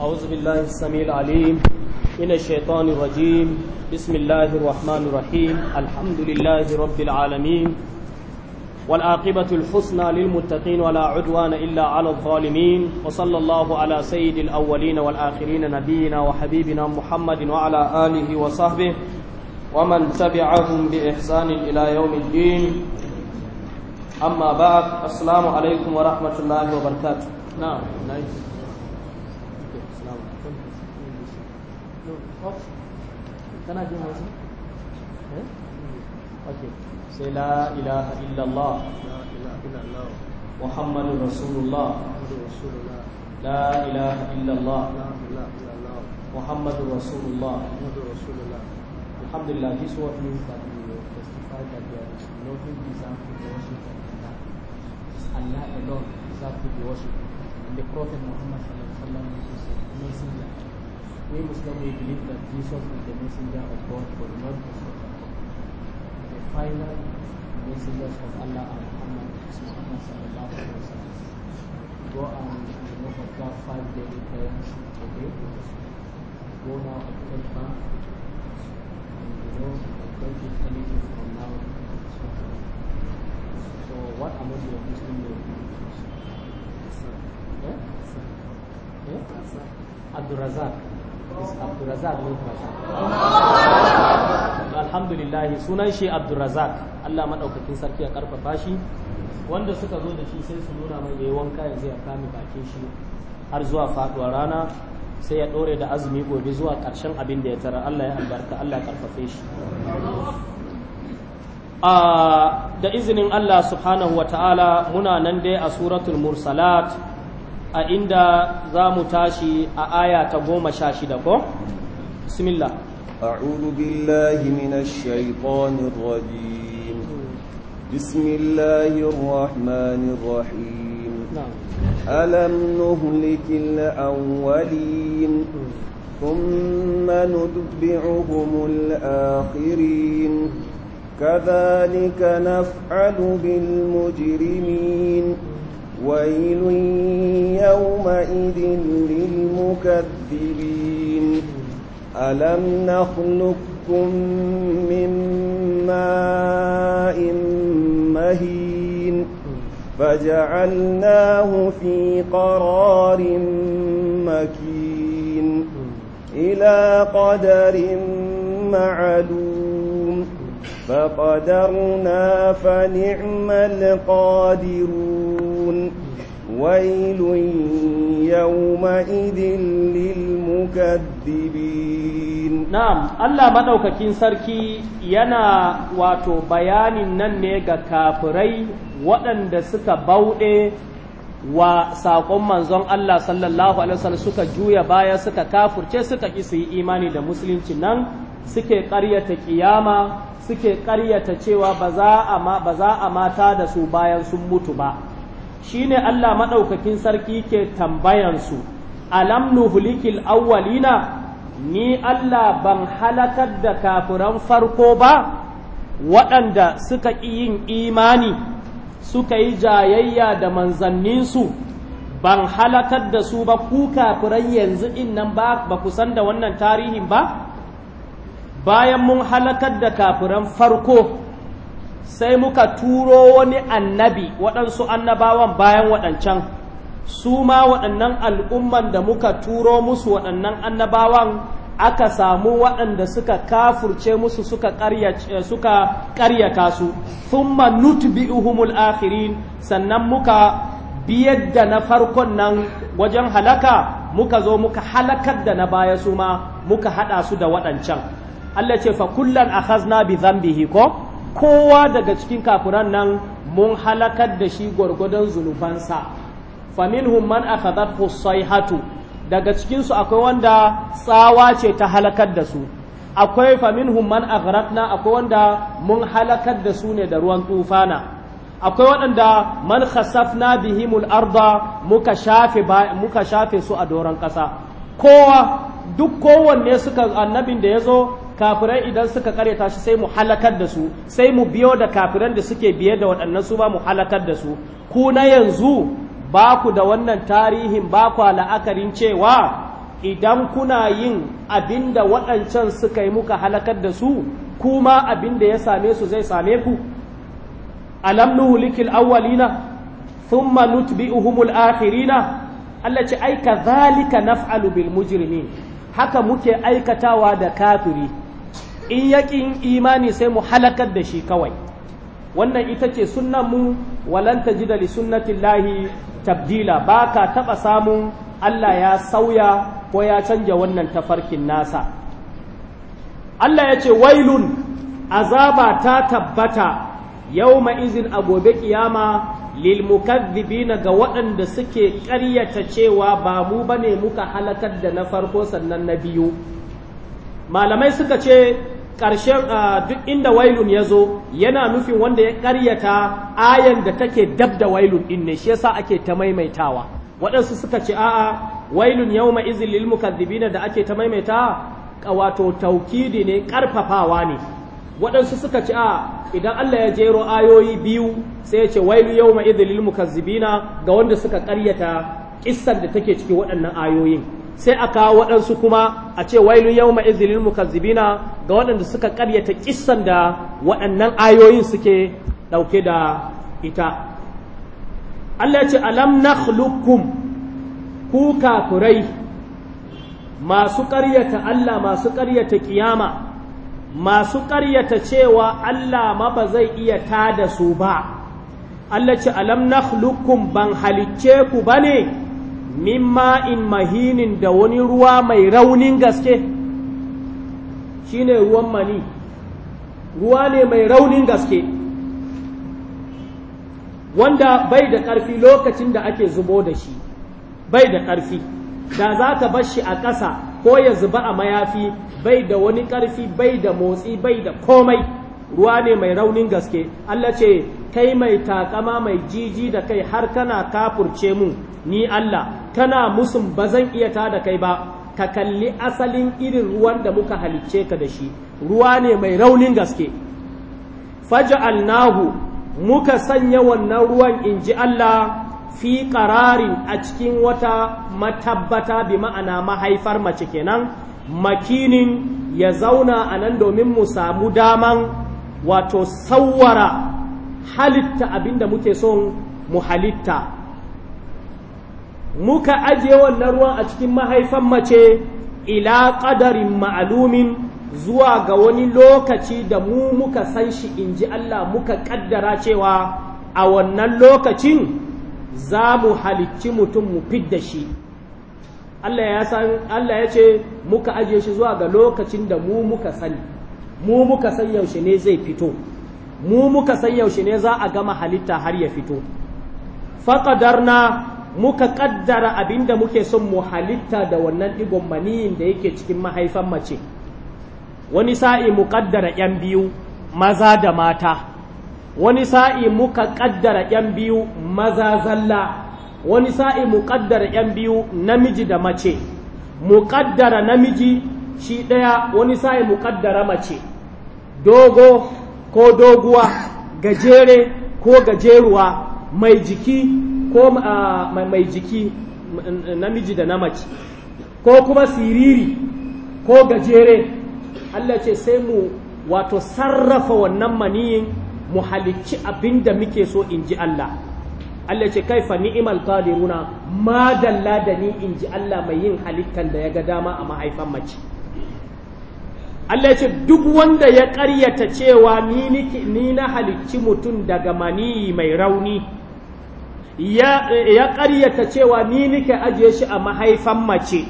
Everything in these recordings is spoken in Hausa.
أعوذ بالله السميع العليم من الشيطان الرجيم بسم الله الرحمن الرحيم الحمد لله رب العالمين والعاقبة الحسنى للمتقين ولا عدوان إلا على الظالمين وصلى الله على سيد الأولين والآخرين نبينا وحبيبنا محمد وعلى آله وصحبه ومن تبعهم بإحسان إلى يوم الدين أما بعد السلام عليكم ورحمة الله وبركاته نعم no, نعم. nice. kana jin hausa okay sai la ilaha illallah muhammadun rasulullah la ilaha illallah muhammadun rasulullah alhamdulillah this word means that we testify that there is nothing deserved to be worshipped than Allah Allah alone deserved to be worshipped and the prophet muhammad sallallahu alaihi wasallam is messenger we Muslims we believe that Jesus is the messenger of God for not the Sultan. The final messengers of Allah are Muhammad, Muhammad sallallahu alaihi wasallam. Go and you know observe five daily prayers a day. Go now and take bath and you know don't eat anything from now So what amount of Muslim Sir, Yeah? Yeah? Abdul Razak. Alhamdulillah sunan shi Abdurrazak Allah madaukakin sarki ya karfafa shi wanda suka zo da shi sai su nuna mai yayi wanka yanzu ya kame bakin shi har zuwa faduwar rana sai ya ɗore da azumi gobe zuwa ƙarshen abin da ya tara Allah ya albarka Allah ya ƙarfafe shi. da izinin Allah subhanahu wa ta'ala muna nan dai a suratul mursalat a inda za mu tashi a aya ta goma sha shida ko? bismillah أعوذ بالله من الشيطان الرجيم بسم الله الرحمن الرحيم ألم نهلك الأولين ثم نتبعهم الآخرين كذلك نفعل بالمجرمين ويل يومئذ للمكذبين ألم نخلقكم من ماء مهين فجعلناه في قرار مكين إلى قدر معلوم فقدرنا فنعم القادرون ويل يومئذ allah نعم sarki yana wato ينا nan ne ga كافري waɗanda suka bauɗe wa saƙon manzon Allah sallallahu alaihi wasallam suka juya bayan suka kafurce suka ƙi su yi imani da musulunci nan suke ƙaryata ƙiyama suke ƙaryata cewa ba za a mata da su bayan sun mutu ba shine Allah maɗaukakin sarki ke tambayansu alam nuhulikil awwalina ni Allah ban halakar da kafiran farko ba waɗanda suka yin imani suka yi jayayya da manzanninsu ban halakar da su ba ku kafiran yanzu in nan ba ba ku san da wannan tarihin ba bayan mun halakar da kafiran farko sai muka turo wani annabi waɗansu annabawan bayan waɗancan su ma waɗannan al'umman da muka turo musu waɗannan annabawan aka samu waɗanda suka kafurce musu eh, suka ƙaryata su thumma nutbi'uhumul akhirin sannan muka biyar da na farkon nan wajen halaka muka zo muka halakar da na baya su ma muka haɗa su da waɗancan Allah ce fa a akhazna bi zambihi ko kowa daga cikin kafiran nan mun halakar da shi gwargwadon zunubansa faminhum man akhadathu sayhatu daga cikinsu akwai wanda tsawa ce ta halakar da su akwai a man na akwai wanda mun halakar da su ne da ruwan tufana akwai waɗanda man khasafna bihimul arda muka shafe muka shafe su a doron ƙasa kowa duk kowanne suka annabin da ya zo kafirai idan suka karyata shi sai mu halakar da su sai mu biyo da kafiran da suke biye da waɗannan su ba mu halakar da su ku na yanzu ba ku da wannan tarihin ba ku la'akarin cewa idan kuna yin abin da waɗancan suka yi muka halakar da su kuma abin da ya same su zai same ku alam nuhulikil awwalina thumma nutbi'uhumul akhirina Allah ce ai zalika naf'alu bil mujrimin haka muke aikatawa da kafiri in yaƙin imani sai mu halakar da shi kawai wannan ita ce sunnan mu walanta ji da sunnatin lahi tabdila ka taɓa samun Allah ya sauya ko ya canja wannan tafarkin nasa Allah ya ce wailun azaba ta tabbata yau izin a gobe ƙiyama lilmukazzibina ga waɗanda suke ƙaryata cewa ba mu bane muka halakar da na farko sannan na biyu malamai suka ce ƙarshen duk inda wailun ya zo yana nufin wanda ya karyata ayan da take dab da wailun ɗin ne shi yasa ake ta maimaitawa waɗansu suka ce a'a wailun yawma izin lil mukazzibina da ake ta maimaita wato taukidi ne ƙarfafawa ne waɗansu suka ce a idan Allah ya jero ayoyi biyu sai ya ce wailu yawma izin lil mukazzibina ga wanda suka ƙaryata kissan da take cikin waɗannan ayoyin sai a kawo waɗansu kuma a ce wailun yau ka mukazzibina ga waɗanda suka ƙaryata ƙissan da waɗannan ayoyin suke ɗauke da ita Allah ce alam nakhluqukum ku kafurai masu ƙaryata Allah masu ƙaryata ƙiyama masu ƙaryata cewa Allah ma ba zai iya tada su ba Allah ce alam nakhluqukum ban halicce ku ba ne. mimma in mahinin da wani ruwa mai raunin gaske shine ruwan mani ruwa ne mai raunin gaske wanda bai da ƙarfi lokacin da ake zubo da shi bai da ƙarfi da za ka bar shi a ƙasa ko ya zuba a mayafi bai da wani ƙarfi bai da motsi bai da komai ruwa ne mai raunin gaske Allah ce kai mai takama mai jiji da kai har kana kafurce mu ni Allah kana musun ba zan iya ta da kai ba ka kalli asalin irin ruwan da muka halicce ka da shi ruwa ne mai raunin gaske faja'alnahu muka sanya wannan ruwan in ji Allah fi ƙararin a cikin wata matabbata bi ma'ana mahaifar mace kenan makinin ya zauna a nan domin mu samu daman wato sauwara halitta abinda muke son mu halitta muka ajiye wannan ruwan a cikin mahaifan mace ila ƙadarin ma'alumin zuwa ga wani lokaci da mu muka san shi in ji Allah muka ƙaddara cewa a wannan lokacin za mu halicci mutum mu fidda shi Allah ya ce muka ajiye shi zuwa ga lokacin da mu muka sani mu muka san yaushe ne zai fito mu muka san yaushe ne za a gama halitta har ya fito na muka kaddara abinda muke son mu halitta da wannan digon maniyin da yake cikin mahaifan mace wani sa'i mu kaddara yan biyu maza da mata wani sa'i muka kaddara yan biyu maza zalla wani sa'i mu kaddara yan biyu namiji da mace mu kaddara namiji shi ɗaya wani sa'i mu kaddara mace dogo ko doguwa gajere ko gajeruwa mai jiki ko uh, mai jiki namiji da namaci ko kuma siriri ko gajere Allah ce sai mu wato sarrafa wannan maniyin mu halicci abinda da muke so in ji Allah Allah ce kai fa ni'imal qadiruna ma dalla da ni in ji Allah mai yin halittan da ya ga dama a mahaifan mace Allah ce duk wanda ya ƙaryata cewa ni ni na halicci mutum daga maniyi mai rauni ya ƙaryata cewa ni nike ajiye shi a mahaifan mace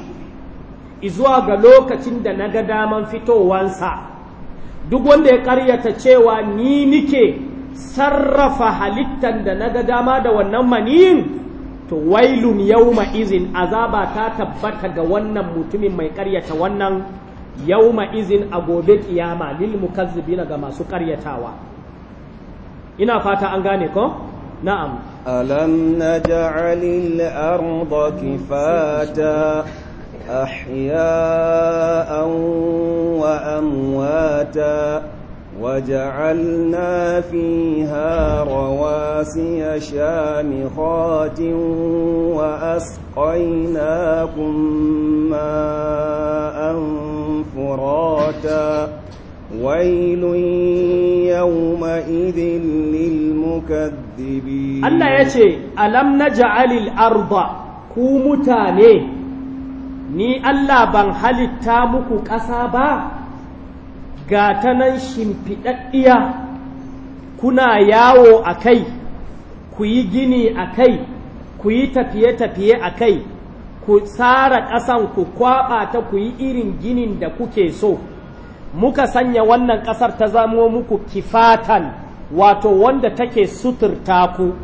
izuwa ga lokacin da na ga daman fitowansa duk wanda ya ƙaryata cewa ni nike sarrafa halittar da na ga dama da wannan maniyin to wailun yauma izin azaba ta tabbata ga wannan mutumin mai ƙaryata wannan yauma izin a gobe kiyama lil mukazzibina ga masu ƙaryatawa ina fata an gane ko na'am ألم نجعل الأرض كفاتا أحياء وأمواتا وجعلنا فيها رواسي شامخات وأسقيناكم ماء فراتا ويل يومئذ للمكذبين Allah ya ce alam na ja'alil arba ku mutane ni Allah ban halitta muku ƙasa ba ga ta nan shimfiɗaɗɗiya kuna yawo a kai ku yi gini a kai ku yi tafiye-tafiye a kai ku tsara ƙasan ku kwaɓa ta ku yi irin ginin da kuke so muka sanya wannan ƙasar ta zamo muku kifatan wato wanda take suturta ku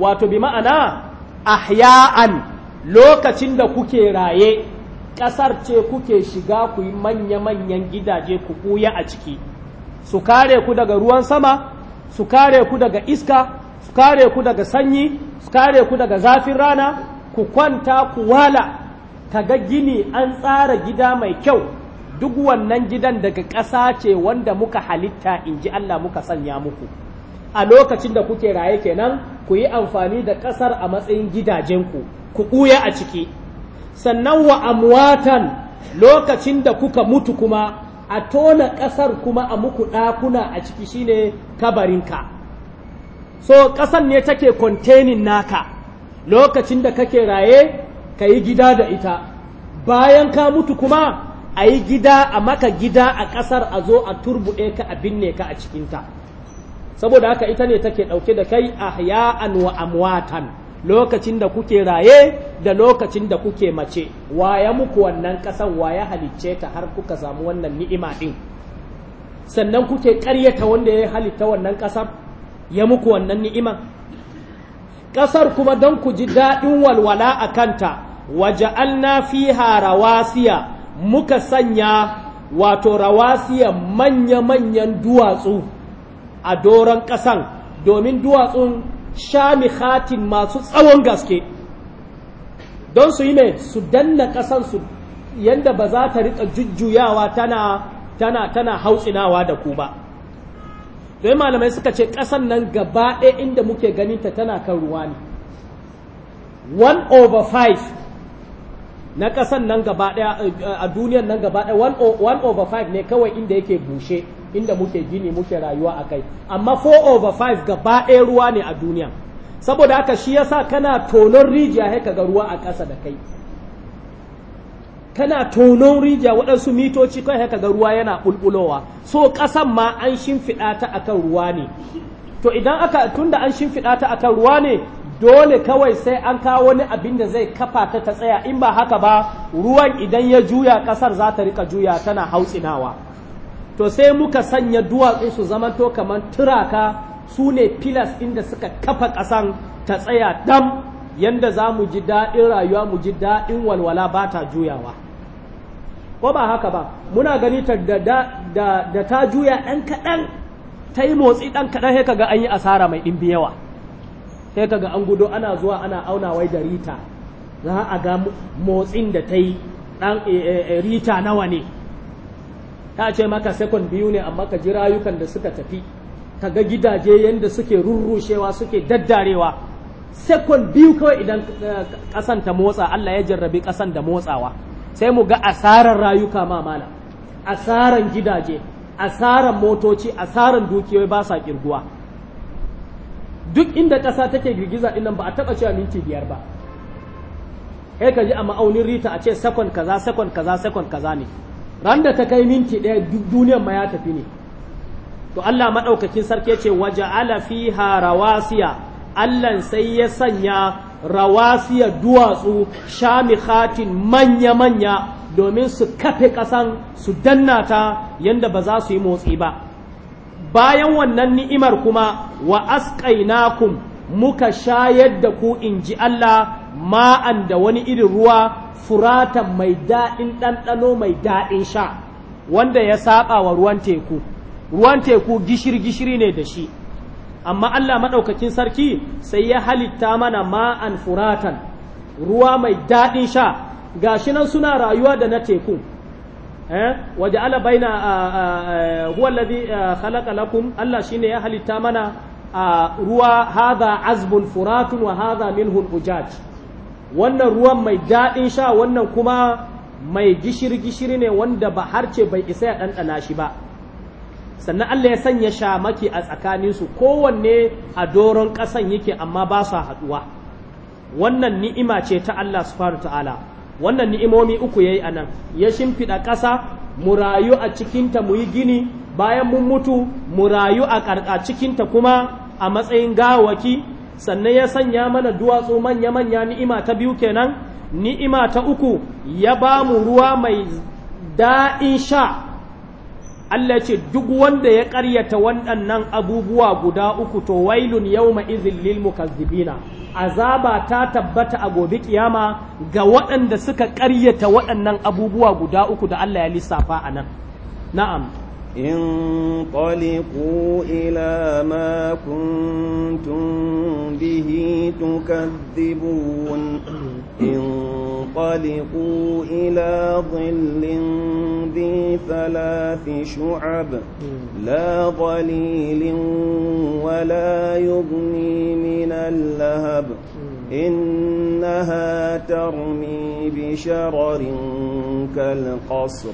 wato bi ma'ana ahya'an lokacin da kuke raye ƙasar ce kuke shiga ku yi manya-manyan gidaje ku ɓuya a ciki su kare ku daga ruwan sama su kare ku daga iska su kare ku daga sanyi su kare ku daga zafin rana ku kwanta ku wala ka ga gini an tsara gida mai kyau duk wannan gidan daga ƙasa ce wanda muka halitta in ji Allah muka sanya muku a lokacin da kuke raye kenan ku yi amfani da ƙasar a matsayin gidajenku ku ɓuya a ciki sannan wa amwatan lokacin da kuka mutu kuma a tona ƙasar kuma a muku ɗakuna a ciki shine kabarinka so ƙasar ne take containing naka lokacin da kake raye ka yi gida da ita bayan ka mutu kuma a yi gida a maka gida a ƙasar a zo a turbuɗe ka a binne ka a cikinta saboda haka ita ne take ɗauke da kai a ya'an wa amwatan lokacin da kuke raye da lokacin da kuke mace waya muku wannan ƙasan waya halicce ta har kuka samu wannan ni'ima ɗin sannan kuke ƙaryata wanda ya halitta wannan ƙasar ya muku wannan ni'ima ƙasar kuma don ku ji daɗin walwala a kanta waje fiha na muka sanya wato rawasiya manya-manyan duwatsu a doron ƙasan domin duwatsun shamihatin masu tsawon gaske don su yi mai su danna ƙasan su yadda ba za ta riƙa jujjuyawa tana tana tana hautsinawa da ku ba to malamai suka ce ƙasan nan gaba ɗaya inda muke ganinta tana kan ruwa ne 1 over 5 na ƙasan nan gaba ɗaya eh, eh, a duniyan nan gaba ɗaya 1 over 5 ne kawai inda yake bushe inda muke gini muke rayuwa a kai amma 4 over 5 gaba ɗaya ruwa ne a duniya saboda haka shi yasa kana tonon rijiya sai ga ruwa a ƙasa da kai kana tonon rijiya waɗansu mitoci kai sai ga ruwa yana bulbulowa so ƙasan ma an shimfiɗa ta akan ruwa ne to idan aka tunda an shimfiɗa ta akan ruwa ne dole kawai sai an kawo wani abin da zai kafa ta ta tsaya in ba haka ba ruwan idan ya juya ƙasar za ta rika juya tana hautsinawa to sai muka sanya duwatsu su zamanto kamar turaka su ne filas inda suka kafa kasan ta tsaya dam yanda za mu ji daɗin rayuwa mu ji daɗin walwala ba ta juyawa ko ba haka ba muna gani ta da, da, ta juya ɗan kaɗan ta yi motsi ɗan kaɗan sai ka ga an yi asara mai ɗimbi yawa sai kaga an gudo ana zuwa ana auna wai da rita za a ga motsin da ta yi ɗan eh, eh, eh, rita nawa ne ta ce maka sekon biyu ne amma ka ji rayukan da suka tafi ka ga gidaje yadda suke rurrushewa suke daddarewa sekon biyu kawai idan ƙasan ta motsa Allah ya jarrabi ƙasan da motsawa sai mu ga asarar rayuka ma asarar gidaje asarar motoci asarar dukiyoyi ba sa kirguwa duk inda ƙasa take girgiza dinnan ba a taɓa cewa minti biyar ba kai ka ji a ma'aunin rita a ce sakon kaza sakon kaza sakon kaza ne ran da ta kai minti ɗaya duk duniyan ma ya tafi ne to Allah maɗaukakin sarki ya ce waje fiha rawasiya Allah sai ya sanya rawasiya duwatsu shamikhatin manya-manya domin su kafe ƙasan su danna ta yadda ba za su yi motsi ba bayan wannan ni'imar kuma wa asqainakum muka shayar da ku in ji Allah ma'an da wani irin ruwa furatan mai daɗin ɗanɗano mai daɗin sha wanda ya saɓa wa ruwan teku ruwan teku gishiri-gishiri ne da shi amma Allah maɗaukakin sarki sai ya halitta mana ma'an furatan ruwa mai daɗin sha gashi nan suna rayuwa da na teku Eh? ala baina huwa alladhi khalaqa lakum Allah shine ya halitta mana ruwa hadha azbun furatun wa hadha minhu ujaj wannan ruwan mai daɗin sha wannan kuma mai gishiri gishiri ne wanda ba harce bai isa ya ɗanɗana shi ba sannan Allah ya sanya shamaki a tsakanin su kowanne a doron ƙasan yake amma ba su haɗuwa wannan ni'ima ce ta Allah subhanahu ta'ala wannan ni'imomi uku yayi anan ya shimfiɗa ƙasa mu rayu a cikinta mu yi gini bayan mun mutu mu rayu a ƙarƙa cikinta kuma a matsayin gawaki sannan ya sanya mana duwatsu manya-manya ni'ima ta biyu kenan ni'ima ta uku ya ba mu ruwa mai da'in sha Allah ce duk wanda ya ƙaryata waɗannan abubuwa guda uku to wailun ma izin lil mukazzibina azaba ta tabbata a gobe kiyama ga waɗanda suka ƙaryata waɗannan abubuwa guda uku da Allah ya lissafa a nan na'am انطلقوا إلى ما كنتم به تكذبون انطلقوا إلى ظل ذي ثلاث شعب لا ظليل ولا يغني من اللهب إنها ترمي بشرر كالقصر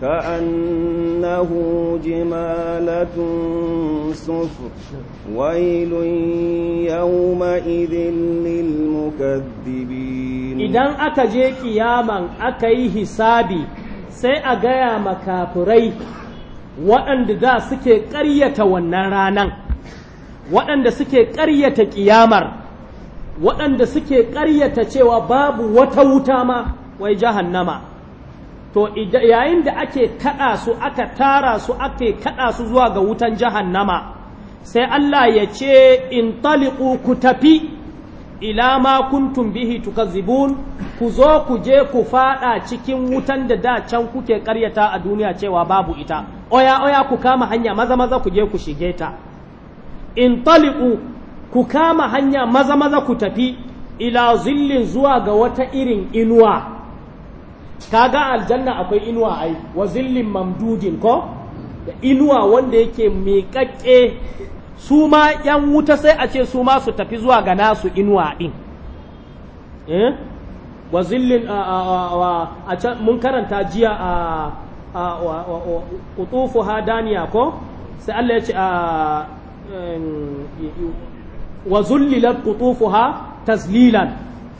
كأنه جمالة صفر ويل يومئذ للمكذبين إذا أكجي قياما أكي حسابي sai a gaya makafurai waɗanda da suke ƙaryata wannan ranan waɗanda suke ƙaryata ƙiyamar waɗanda suke ƙaryata cewa babu wata wuta ma wai jahannama to yayin da ake kada su aka tara su ake kada su zuwa ga wutan jahannama sai Allah ya ce in taliku ku tafi ila ma kuntum bihi tukazibun ku zo ku je ku fada cikin wutan da da can kuke karyata a duniya cewa babu ita oya oya ku kama hanya maza maza ku je ku shige ta in taliku ku kama hanya maza maza ku tafi ila zillin zuwa ga wata irin inuwa ka ga aljanna akwai inuwa ai wa zillin mamdudin ko da inuwa wanda yake miƙaƙƙe su ma yan wuta sai a ce su ma su tafi zuwa ga nasu inuwa din eh? wa zillin a can mun karanta jiya a kutufu daniya ko sai Allah ya ce a wa zullilat ha taslilan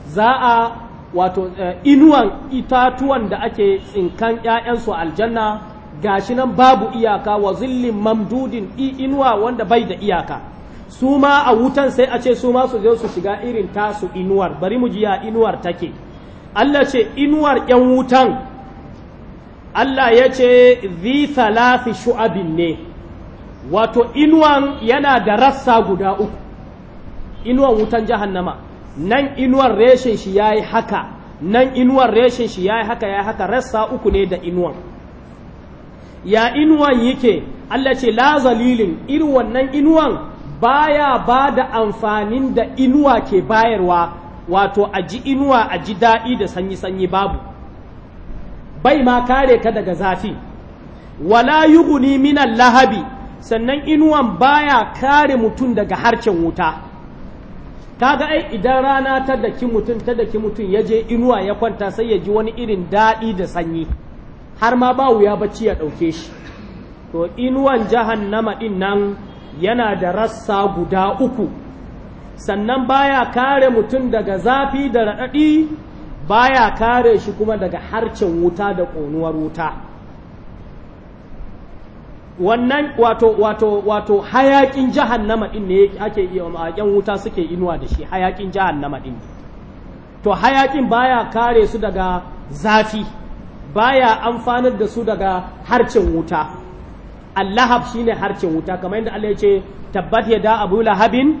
za a wato eh, inuwan itatuwan da ake tsinkan ‘ya'yansu aljanna gashi nan babu iyaka wa zillin mamdudin inuwa wanda bai da iyaka su ma a wutan sai a ce su ma su je su shiga irin tasu inuwar bari mu ji ya inuwar take Allah ce inuwar ‘yan wutan Allah ya ce zi thalathi shu'abin ne wato inuwan yana da rassa guda uku inuwan wutan jahannama nan inuwar reshen shi ya yi haka nan inuwar reshen shi ya yi haka ya yi haka rassa uku ne da inuwan ya inuwan yake Allah ce la zalilin irin wannan inuwan baya ba da amfanin da inuwa ke bayarwa wato a ji inuwa a ji daɗi da sanyi-sanyi babu bai ma kare ka daga zafi wala yuguni minan lahabi sannan inuwan baya kare mutum daga harcen wuta kaga ai idan rana ta daki mutum ta daki mutum ya je inuwa ya kwanta sai ya ji wani irin daɗi da sanyi har ma ba wuya bacci ya ɗauke shi to inuwan jahannama ɗin nan yana da rassa guda uku sannan baya kare mutum daga zafi da raɗaɗi baya kare shi kuma daga harcin wuta da ƙonuwar wuta wannan wato wato wato hayakin jahannama din ne ake iya ma'aƙen wuta suke inuwa da shi hayakin jahannama din to hayakin baya kare su daga zafi baya amfanar da su daga harcin wuta allahab shine harcin wuta kamar yadda Allah ya ce tabbat yada abu lahabin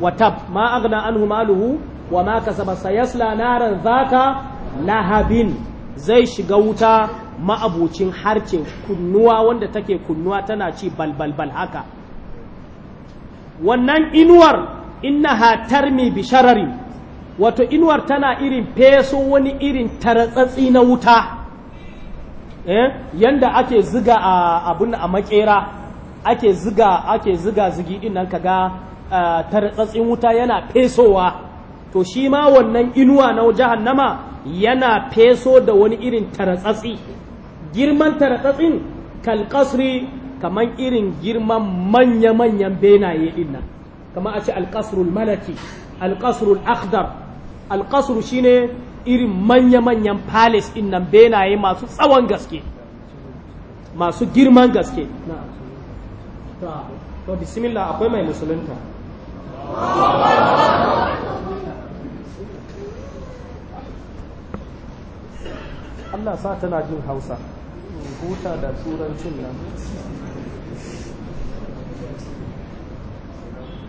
wa tab ma aghna anhu maluhu wa ma kasaba sayasla naran zaka lahabin zai shiga wuta ma'abocin harce kunnuwa wanda take kunnuwa tana ci balbalbal haka wannan inuwar ina tarmi bi shararin wato inuwar tana irin feso wani irin taratsatsi na wuta eh? yanda ake ziga a abun a makera ake ziga ake ziga zigi din nan kaga taratsatsin wuta yana fesowa to shi ma wannan inuwa na jahannama yana feso da wani irin taratsatsi girman tartsatsin kalkasri kamar irin girman manya-manyan benaye din nan kamar a ce alkasrul malaki alkasrul akhdar alkasru shine irin manya-manyan palace din nan benaye masu tsawon gaske masu girman gaske to bismillah akwai mai musulunta Allah sa tana jin hausa huta da turancin nan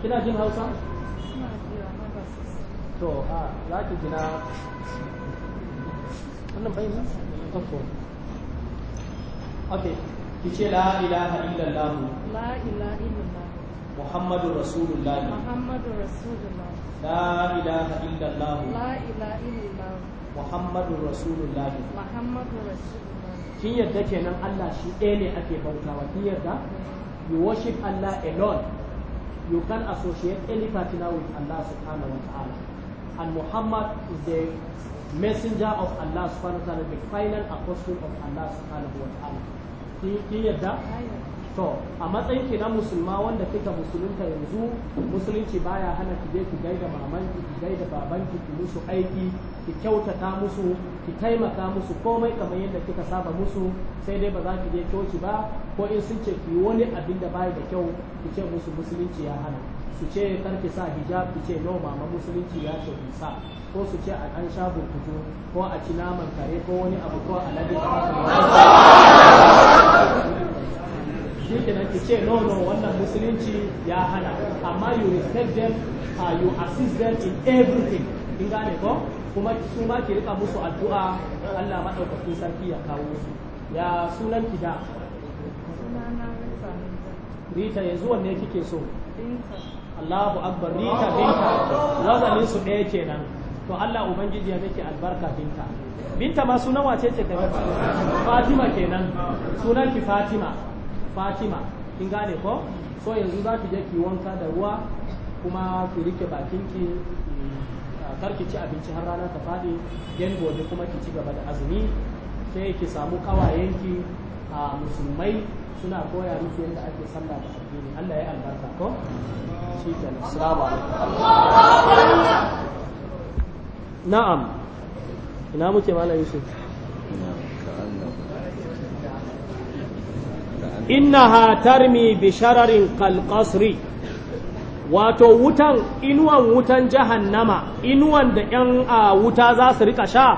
kina jin hausa? to a za ki gina wannan ne? ok ok ki ce la ilaha illallah la ilaha illallah muhammadu rasulullah muhammadu rasulullah la ilaha illallah la ilaha illallah muhammadu rasulullah muhammadu rasulullah sun yarda kenan Allah shi ɗaya ne ake bautawa sun yarda you worship Allah alone you can associate any partner with Allah subhanahu wa ta'ala and Muhammad is the messenger of Allah subhanahu wa ta'ala the final apostle of Allah subhanahu wa ta'ala sun yarda to a matsayin ki na musulma wanda kika musulunta yanzu musulunci baya hana ki je ki gaida mamanki ki gaida babanki ki musu aiki ki kyautata musu ki taimaka musu komai kamar yadda kika saba musu sai dai ba za ki je coci ba ko in sun ce ki wani abin da baya da kyau ki ce musu musulunci ya hana su ce kar ki sa hijab ki ce no mama musulunci ya ce ki sa ko su ce a ɗan sha burkutu ko a ci naman kare ko wani abu ko alade da haka shi ke nan ce no no wannan musulunci ya hana amma you respect them uh, you assist them in everything in gane ko kuma su ma ke rika musu addu'a Allah madaukakin sarki ya kawo su ya sunan ki da Rita yanzu wanne kike so Allahu akbar Rita binta wazanin su ɗaya kenan to Allah ubangiji ya miki albarka binta binta ma sunan wace ce kai Fatima kenan sunan ki Fatima fatima kin gane ko so yanzu za ki je ki wanka da ruwa kuma ki rike bakinki ki ci abinci har rana ta faɗi yan gobe kuma ki ci gaba da azumi sai ki samu kawayenki a musulmai suna koya miki yadda ake sallah da addini Allah ya albarka ko shi ke assalamu alaikum na'am ina muke malam yusuf innaha tarmi bi shararin kalkasri wato wutan inuwan wutan jahannama inuwan da yan wuta za su rika sha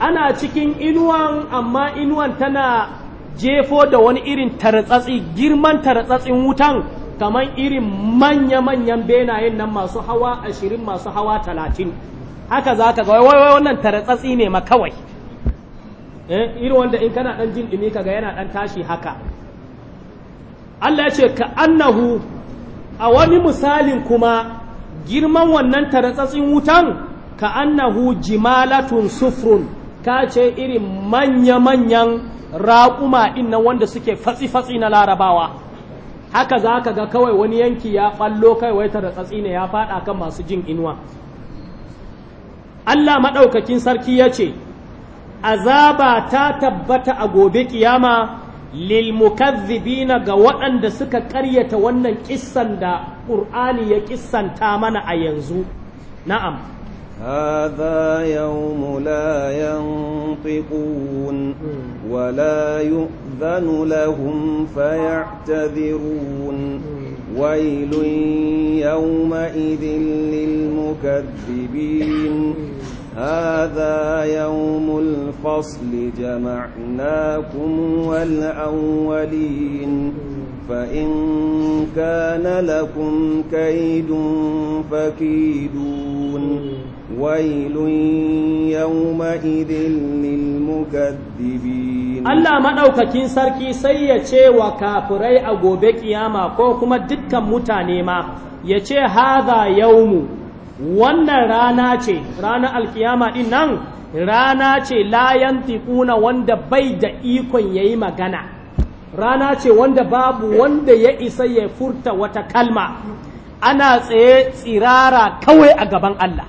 ana cikin inuwan amma inuwan tana jefo da wani irin tarzatsi girman tartsatsin wutan kamar irin manya-manyan benayen nan masu hawa ashirin masu hawa talatin haka za ka ga wai wannan tarzatsi ne ma kawai irin wanda in kana ɗan jin dumi kaga yana ɗan tashi haka Allah ya ce ka annahu a wani misalin kuma girman wannan taratsatsin wutan ka annahu jimalatun sufrun ka ce irin manya-manyan raƙuma innan wanda suke fatsi-fatsi na larabawa haka za ka ga kawai wani yanki ya ɓallo kai wai taratsatsi ne ya faɗa kan masu jin inuwa Allah maɗaukakin sarki ya ce azaba ta tabbata a gobe ƙiyama lilmukazzibina ga waɗanda suka ƙaryata wannan kissan da ƙur'ani ya kissanta mana a yanzu na'am هذا يوم لا ينطقون ولا يؤذن لهم فيعتذرون ويل يومئذ للمكذبين هذا يوم الفصل جمعناكم والأولين فإن كان لكم كيد فكيدون ويل يومئذ للمكذبين Allah maɗaukakin sarki sai ya ce wa kafirai a gobe ƙiyama ko kuma dukkan mutane ma ya ce haza yaumu wannan rana ce ranar alkiyama din nan rana ce layan tikuna wanda bai da ikon ya yi magana rana ce wanda babu wanda ya isa ya furta wata kalma ana tsaye tsirara kawai a gaban Allah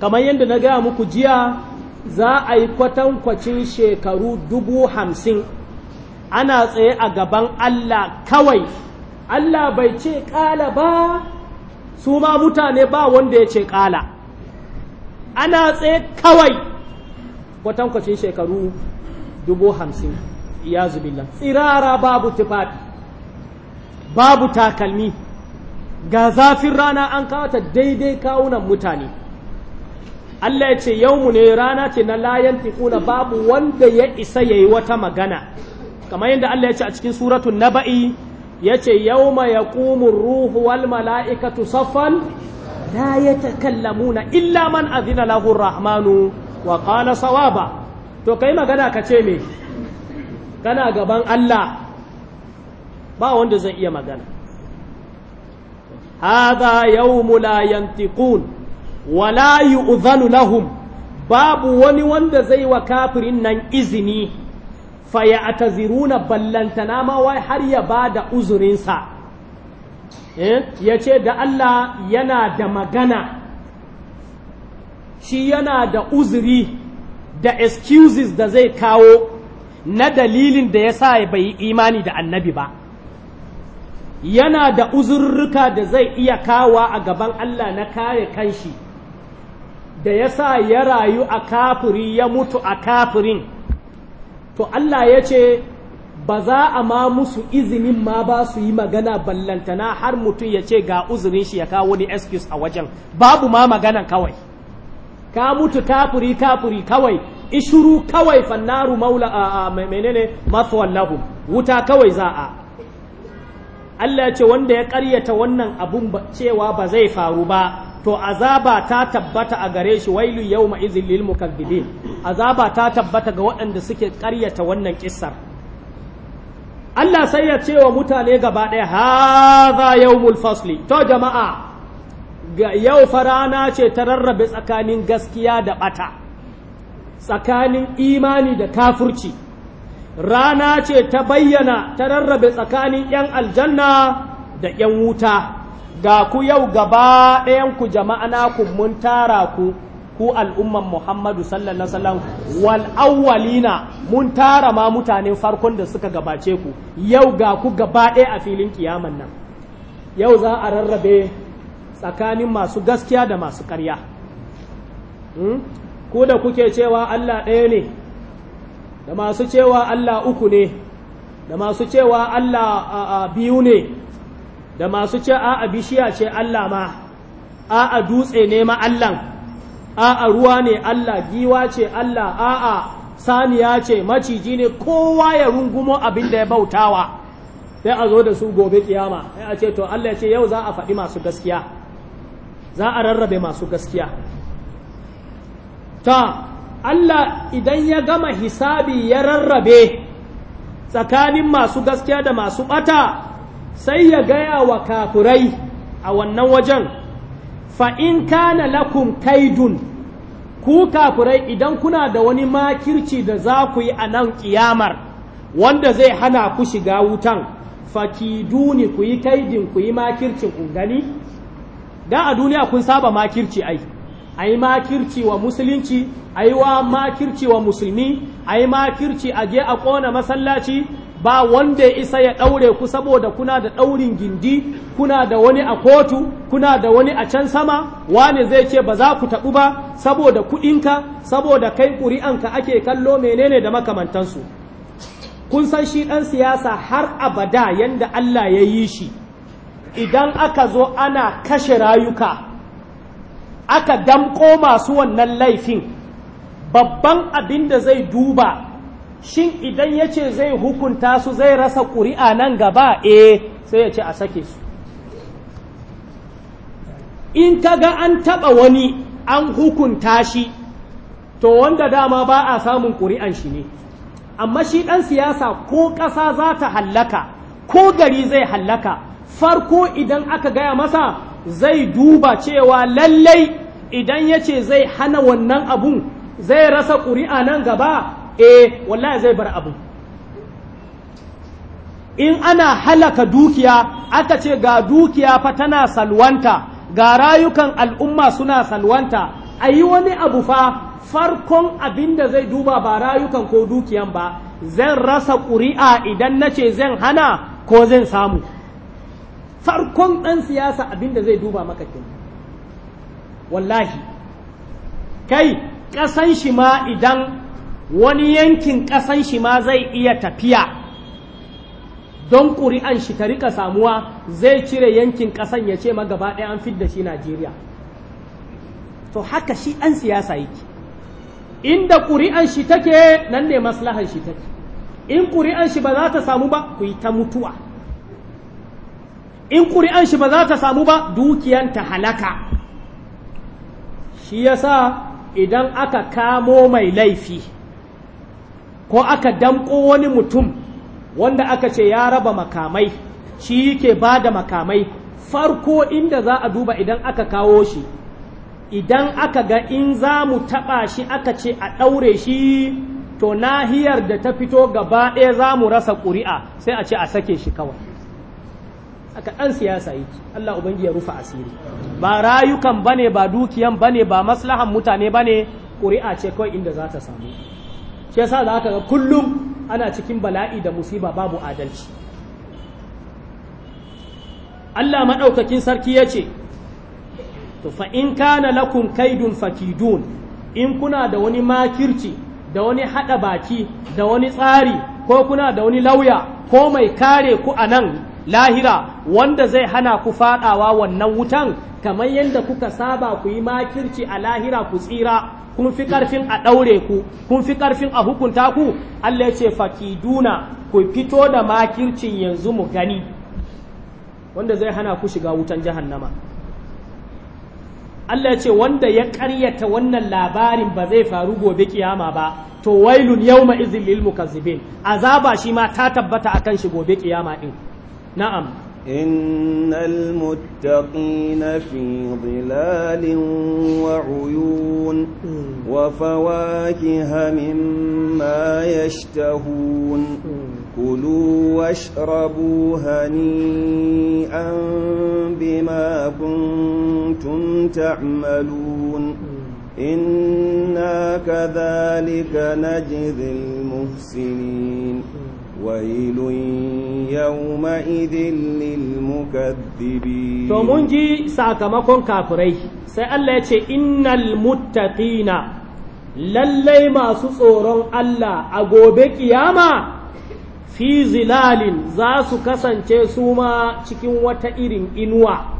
kamar yadda na gaya muku jiya za a yi kwatankwacin shekaru dubu hamsin ana tsaye a gaban Allah kawai Allah bai ce kala ba su ma mutane ba wanda ya ce ƙala ana tsaye kawai kwatankwacin shekaru dubu hamsin ya zubilla tsirara babu tufafi babu takalmi ga zafin rana an kawata daidai kawunan mutane Allah ya ce yau ne rana ce na layan tikuna babu wanda ya isa ya yi wata magana kamar yadda Allah ya ce a cikin suratun naba'i yace yawma yaqumu ruhu wal mala'ikatu saffan la yatakallamuna illa man adhina lahu rahmanu wa qala sawaba to kai magana ka ce me kana gaban Allah ba wanda zai iya magana haza yau la yantiqun wa la yu'dhanu babu wani wanda zai wa kafirin nan izini fa ya ataziruna ballantana ma wai har ya ba da uzurinsa ya ce da Allah yana da magana shi yana da uzuri da excuses da zai kawo na dalilin da ya sa bai yi imani da annabi ba yana da uzurruka da zai iya kawa a gaban Allah na kare kanshi da ya sa ya rayu a kafiri ya mutu a kafirin to Allah ya ce ba za a ma musu izinin ma ba su yi magana ballantana har mutum ya ce ga uzurin shi ya kawo wani excuse a wajen babu ma magana kawai ka mutu kafuri kafuri kawai ishuru kawai fannaru maula a menene mathwallahu wuta kawai za a Allah ya ce wanda ya karyata wannan abun cewa ba zai faru ba to azaba ta tabbata a gare shi wailu yau izin lil azaba ta tabbata ga waɗanda suke ƙaryata wannan ƙisar Allah sai ya ce wa mutane gaba ɗaya za yau mulfasli to jama'a yau farana ce ta rarrabe tsakanin gaskiya da ɓata tsakanin imani da kafurci rana ce ta bayyana ta rarrabe tsakanin 'yan aljanna da 'yan wuta ga ku yau gaba ɗayan ku jama'a naku mun tara ku ku al'umman Muhammadu sallallahu alaihi wasallam mun tara ma mutanen farkon da suka gabace ku yau ga ku gaba ɗaya a filin kiyaman nan yau za a rarrabe tsakanin masu gaskiya da masu ƙarya hmm? Ku da kuke cewa Allah ɗaya ne da masu cewa Allah uku ne da masu cewa Allah biyu ne da masu ce a'a bishiya ce Allah ma a'a dutse ne ma a a'a ruwa ne Allah giwa ce Allah a'a saniya ce maciji ne kowa ya rungumo abin da ya bautawa sai a zo da su gobe kiyama sai a ce to Allah ce yau za a faɗi masu gaskiya za a rarrabe masu gaskiya ta Allah idan ya gama hisabi ya rarrabe tsakanin masu gaskiya da masu ɓata sai ya gaya wa kafurai a wannan wajen fa'in kana lakum kaidun ku kafurai idan kuna da wani makirci da za ku yi a nan ƙiyamar wanda zai hana ku shiga wutan fakiduni ku yi kaidin ku yi makircin ku gani da a duniya kun saba makirci ai a yi makirci wa musulunci a yi wa makirci wa musulmi a yi makirci a je a kona masallaci ba wanda ya isa ya ɗaure ku saboda kuna da ɗaurin gindi kuna da wani a kotu kuna da wani a can sama wane zai ce ba za ku taɓu ba saboda kuɗinka saboda kai ƙuri'anka ake kallo menene da makamantansu kun san shi ɗan siyasa har abada yanda Allah ya yi shi idan aka zo ana kashe rayuka aka damko masu wannan laifin babban abin da zai duba shin idan ya ce zai hukunta su zai rasa ƙuri'a nan gaba eh sai ya ce a sake su in ka ga an taɓa wani an hukunta shi to wanda dama ba a samun ƙuri'an shi ne amma shi ɗan siyasa ko ƙasa za ta hallaka ko gari zai hallaka farko idan aka gaya masa zai duba cewa lallai idan ya ce zai hana wannan abun zai rasa ƙuri'a nan gaba eh wallahi zai bar abu in ana halaka dukiya aka ce ga dukiya fa tana salwanta ga rayukan al'umma suna salwanta a yi wani abu fa farkon abin da zai duba ba rayukan ko dukiyan ba zan rasa ƙuri'a idan na ce zan hana ko zan samu farkon ɗan siyasa abin da zai duba maka wallahi kai kasan shi ma idan wani yankin ƙasan shi ma zai iya tafiya don ƙuri'an shi ta rika samuwa zai cire yankin ƙasan ya ce magaba ɗaya an fidda shi Najeriya. To haka shi ɗan siyasa yake. Inda ƙuri'an shi take nan ne maslahan shi take. In ƙuri'an shi ba za ta samu ba ku yi ta mutuwa. In ƙuri'an shi ba za ta samu ba dukiyanta halaka. Shi yasa idan aka kamo mai laifi. ko aka damko wani mutum wanda aka ce ya raba makamai shi yake ba da makamai farko inda za a duba idan aka kawo shi idan aka ga in za mu taɓa shi aka ce a ɗaure shi to nahiyar da ta fito gaba ɗaya za mu rasa ƙuri'a sai a ce a sake shi kawai aka ɗan siyasa yi Allah ubangi ya rufa asiri ba rayukan bane ba dukiyan bane ba maslahan mutane bane ƙuri'a ce kawai inda za ta samu ke yasa da aka ga kullum ana cikin bala'i da musiba babu adalci Allah maɗaukakin sarki ya ce to fa in kana lakum kaidun fakidun in kuna da wani makirci da wani haɗa baki da wani tsari ko kuna da wani lauya ko mai kare ku a nan lahira wanda zai hana ku faɗawa wannan wutan kamar yadda kuka saba ku yi makirci a lahira ku tsira kun fi ƙarfin a ɗaure ku kun fi ƙarfin a hukunta ku Allah ya ce fakiduna ku fito da makircin yanzu mu gani wanda zai hana ku shiga wutan jahannama Allah ya ce wanda ya ƙaryata wannan labarin ba zai faru gobe kiyama ba to wailun yawma izin lil mukazzibin azaba shi ma ta tabbata akan shi gobe kiyama din na'am إن المتقين في ظلال وعيون وفواكه مما يشتهون كلوا واشربوا هنيئا بما كنتم تعملون إنا كذلك نجزي المحسنين ويل يومئذ للمكذبين to mun ji sakamakon kafirai sai Allah ya ce innal muttaqina lallai masu tsoron Allah a gobe kiyama fi zilalin za su kasance su ma cikin wata irin inuwa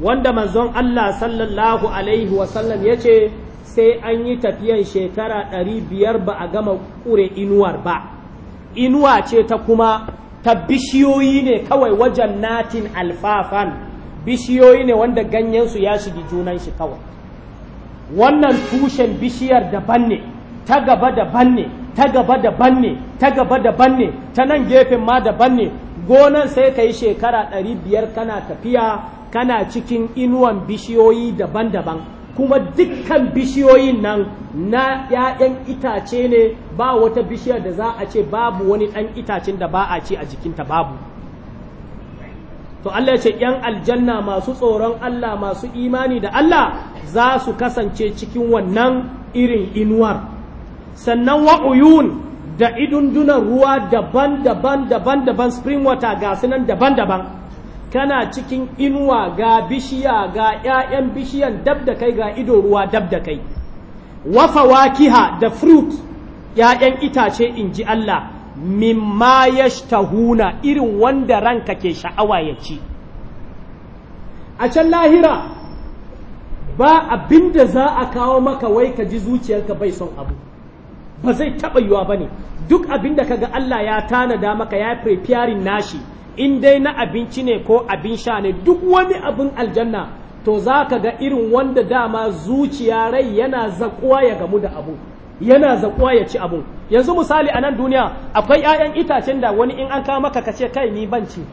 wanda manzon Allah sallallahu alaihi ya ce sai an yi tafiyan shekara 500 ba a gama ƙure inuwar ba inuwa ce ta kuma ta bishiyoyi ne kawai wajen natin alfafan bishiyoyi ne wanda ganyensu ya shigi junan shi kawai wannan tushen bishiyar daban ne ta gaba daban ne ta gaba daban ne ta gaba daban ne ta nan gefen ma daban ne gonan sai ka yi shekara 500 kana tafiya kana cikin inuwan bishiyoyi daban-daban kuma dukkan bishiyoyin nan na ‘ya'yan itace ne ba wata bishiyar da za a ce babu wani ɗan itacen da ba a ce a jikinta babu to Allah ce ‘yan aljanna masu tsoron Allah masu imani da Allah za su kasance cikin wannan irin inuwar sannan wa'uyun da idundunan ruwa daban-daban daban-daban spring water ga nan daban-daban kana cikin inuwa ga bishiya ga 'ya'yan bishiyan dab da kai ga ido ruwa dab da kai wa fawakiha da fruit 'ya'yan itace in ji Allah mimma yashtahuna irin wanda ranka ke sha'awa ya ci a can lahira ba abin da za a kawo maka wai ka ji zuciyarka bai son abu ba zai taɓa yiwa ba ne duk abinda kaga Allah ya tanada maka ya preparing nashi in dai na abinci ne ko abin sha ne duk wani abin aljanna to za ka ga irin wanda dama zuciya rai yana zaƙuwa ya gamu da abu yana zaƙuwa ya ci abu yanzu misali a nan duniya akwai 'ya'yan itacen da wani in an kama maka kace kai ni banci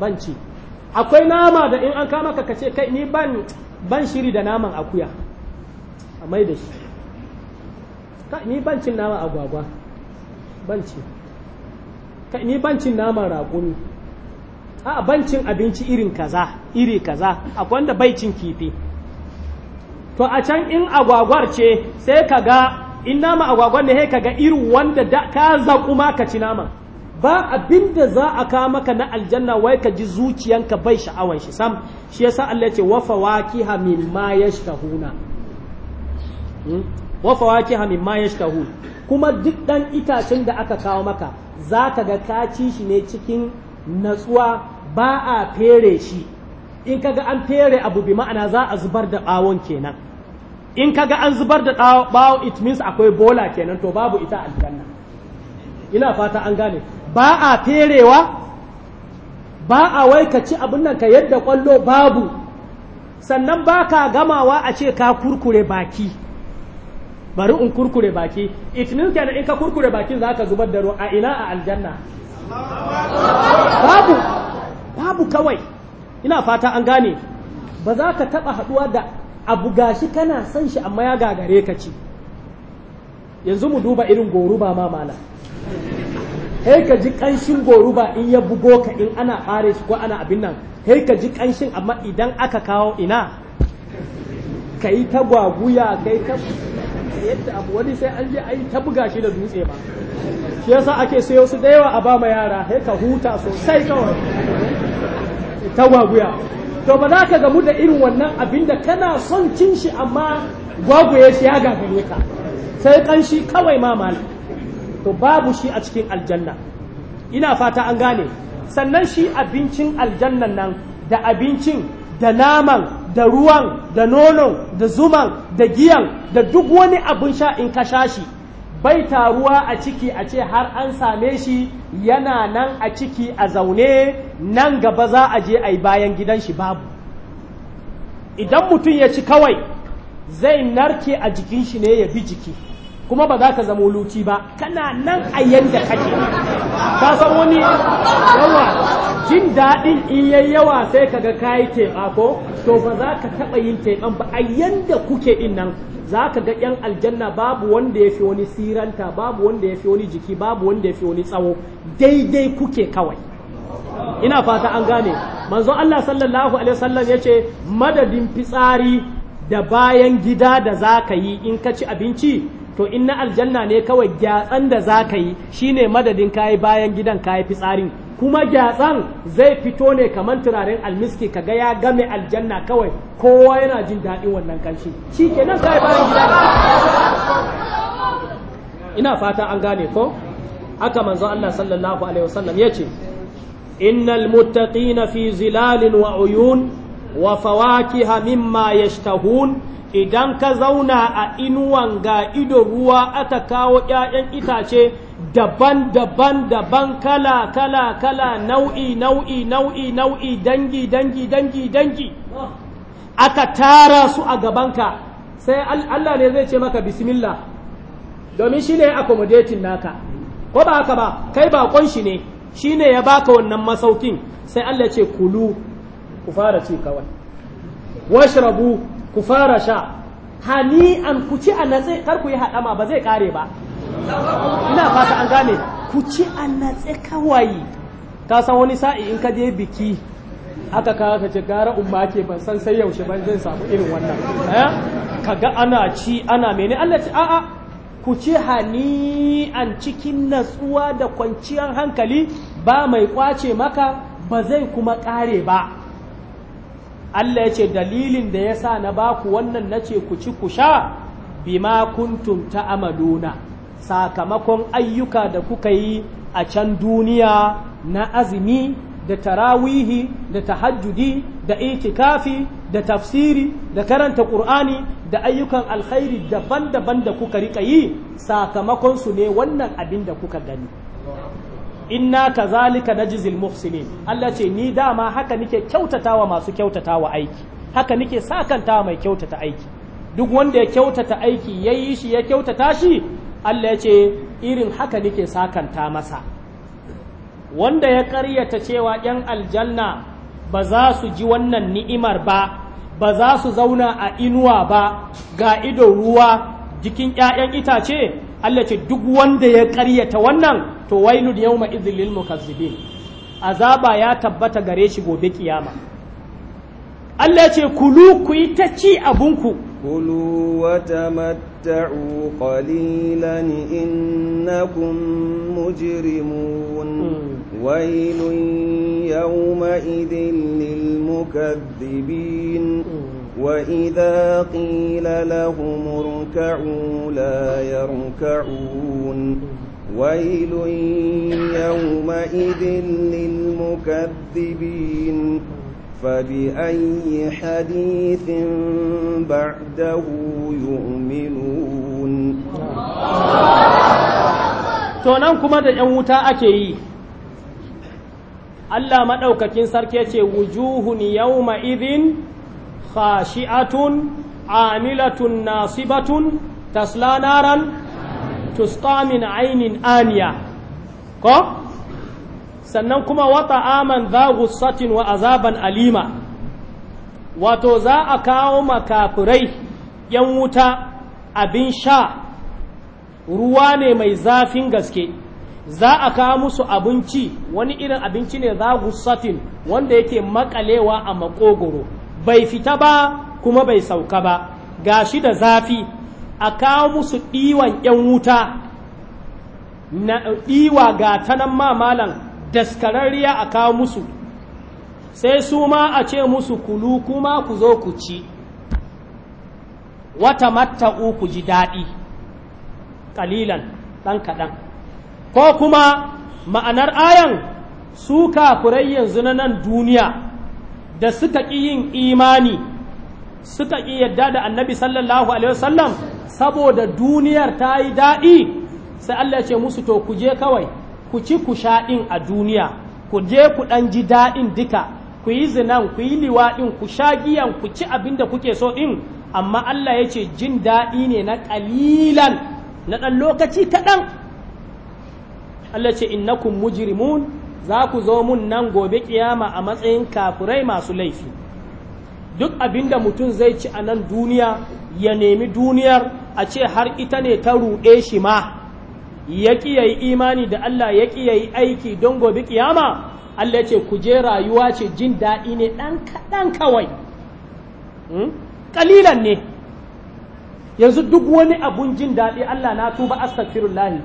banci akwai nama da in an kama maka kace kai ni ban ban shiri da naman akuya a mai da shi ni bancin nama agwagwa banci ni bancin naman ne a bancin abinci irin kaza iri kaza akwai wanda bai cin kifi to a can in agwagwar ce sai ka ga in nama agwagwar ne sai ka ga irin wanda da ka zaku ma ka ci nama? ba abin da za a kawo maka na aljanna wai ka ji zuciyanka bai sha'awan shi sam shi yasa Allah ya ce wa fawakiha mimma yashtahuna hmm? wa fawakiha mimma yashtahun kuma duk dan itacen da aka kawo maka za ka ga ka ci shi ne cikin natsuwa ba a fere shi in kaga an fere abu bi ma'ana za a zubar da bawon kenan in kaga an zubar da bawo it means akwai bola kenan to babu ita aljanna ina fata an gane ba a ferewa ba a wai ka ci abin nan ka yadda kwallo babu sannan ba ka gamawa a ce ka kurkure baki bari in kurkure baki it means in ka kurkure bakin za ka zubar da ruwa a ina a aljanna babu babu kawai ina fata an gane ba za ka taba haɗuwa da abu gashi kana son shi amma ya gagare ka ci yanzu mu duba irin goruba ma mala sai ka ji ƙanshin goruba in ya bugo ka in ana fare shi ko ana abin nan sai ka ji ƙanshin amma idan aka kawo ina ka yi ta gwaguya ka yi ta yadda abu wani sai an je ai ta buga shi da dutse ba shi yasa ake sayo su da yawa a ba ma yara sai ka huta sosai kawai ta gwaguya to ba za ka gamu da irin wannan abin da kana son cin shi amma gwaguye shi ya gagare ka sai kanshi kawai ma mal to babu shi a cikin aljanna ina fata an gane sannan shi abincin aljannan nan da abincin da naman da ruwan da nonon da zuman da giyan da duk wani abin sha in ka sha shi bai taruwa a ciki a ce har an same shi yana nan a ciki a zaune nan gaba za a je a yi bayan gidan shi babu idan mutum ya ci kawai zai narke a jikin shi ne ya bi jiki kuma ba za ka zama luci ba kana nan a yadda kake ka san wani yawa jin daɗin in yayi yawa sai ka ga kayi teɓa ko to ba za ka taɓa yin teɓan ba a yadda kuke ɗin nan za ka ga yan aljanna babu wanda ya fi wani siranta babu wanda ya fi wani jiki babu wanda ya fi wani tsawo daidai kuke kawai ina fata an gane manzo Allah sallallahu alaihi wasallam yace madadin fitsari da bayan gida da za ka yi in ka ci abinci to in na aljanna ne kawai gyatsan da za ka yi shi ne madadin kayi bayan gidan kayi fitsarin kuma gyatsan zai fito ne kamar turaren almiski ga ya game aljanna kawai kowa yana jin daɗin wannan kanshi shi nan kayi bayan gidan ina fata an gane ko haka manzo Allah sallallahu alaihi wasallam yace innal muttaqina fi zilalin wa uyun wa fawakiha mimma yashtahun idan ka zauna a inuwan ga ido ruwa aka kawo ƴaƴan itace daban-daban daban kala kala kala nau'i nau'i nau'i nau'i dangi dangi dangi dangi aka tara su a gabanka sai Allah ne zai ce maka bismillah domin shi ne accommodating naka ko ba haka ba kai bakon shi ne shi ne ya baka wannan masaukin sai Allah ce kulu ku fara ci kawai washrabu ku fara sha hani an ku ci a natse kar ku yi haɗama ba zai kare ba ina fata an gane ku ci a natse kawai ka san wani sa'i in ka je biki aka kawo ka ce gara umma ke ban san sai yaushe ban zai samu irin wannan eh? ka ga ana ci ana mene Allah ce a'a ku ci hani an cikin natsuwa da kwanciyar hankali ba mai kwace maka ba zai kuma kare ba Allah ya ce dalilin da ya sa na baku wannan na ce ku ci ku sha bima kuntum amaduna sakamakon ayyuka da kuka yi a can duniya na azumi da tarawihi da tahajjudi da itikafi da tafsiri da karanta ƙur'ani da ayyukan alkhairi daban-daban da kuka riƙa yi su ne wannan abin da kuka gani inna kazalika jizil muhsini Allah ce ni dama haka nike kyautatawa masu kyautata wa aiki haka nike sakanta mai kyautata aiki duk wanda ya kyautata aiki yayi shi ya kyautata shi Allah ya ce irin haka nike sakanta masa wanda ya karyata cewa yan aljanna ba za su ji wannan ni'imar ba ba za su zauna a inuwa ba ga ido ruwa jikin 'ya'yan itace Allah ce duk wanda ya ƙaryata wannan to wailun yau idhil lil mukazzibin azaba ya tabbata gare shi gobe kiyama Allah ce kulu ku yi ta ci abunku kulu wa tamatta'u qalilan innakum mujrimun hmm. wailun yawma idhil lil mukazzibin hmm. وإذا قيل لهم اركعوا لا يركعون ويل يومئذ للمكذبين فبأي حديث بعده يؤمنون tonan kuma da ‘yan wuta ake yi Allah maɗaukakin sarki ce wujuhun yawma idin khashi'atun amilatun nasibatun tasla naran tusqa min ainin aniya ko sannan kuma wata aman za gussatin wa azaban alima wato za a kawo makafirai yan wuta abin sha ruwa ne mai zafin gaske za a kawo musu abinci wani irin abinci ne za gussatin wanda yake makalewa a makogoro bai fita ba kuma bai sauka ba gashi da zafi a kawo musu ɗiwan 'yan wuta na ɗiwa ga tanan mamalan daskararriya a kawo musu sai su ma a ce musu kulu kuma ku zo ku ci wata matta'u ku ji daɗi ƙalilan ɗan kaɗan ko kuma ma'anar ayan su kafurai yanzu na nan duniya da suka ƙi yin imani suka ƙi yadda da annabi sallallahu alaihi wasallam saboda duniyar ta yi daɗi sai Allah ce musu to ku je kawai ku ci ku sha in a duniya ku je ku ɗan ji daɗin duka ku yi zinan ku yi liwaɗin ku sha giyan ku ci abin da kuke so ɗin amma Allah ya ce jin daɗi ne na ƙalilan na ɗan lokaci kaɗan Allah ce innakum mujrimun za ku zo mun nan gobe kiyama a matsayin kafurai masu laifi duk abinda mutum zai ci a nan duniya ya nemi duniyar a ce har ita ne ta ruɗe shi ma ya yi imani da Allah ya ƙi yi aiki don gobe kiyama Allah ce ku je rayuwa ce jin daɗi ne ɗan kaɗan kawai hmm? ƙalilan ne yanzu duk wani abun jin daɗi Allah na tuba astaghfirullahi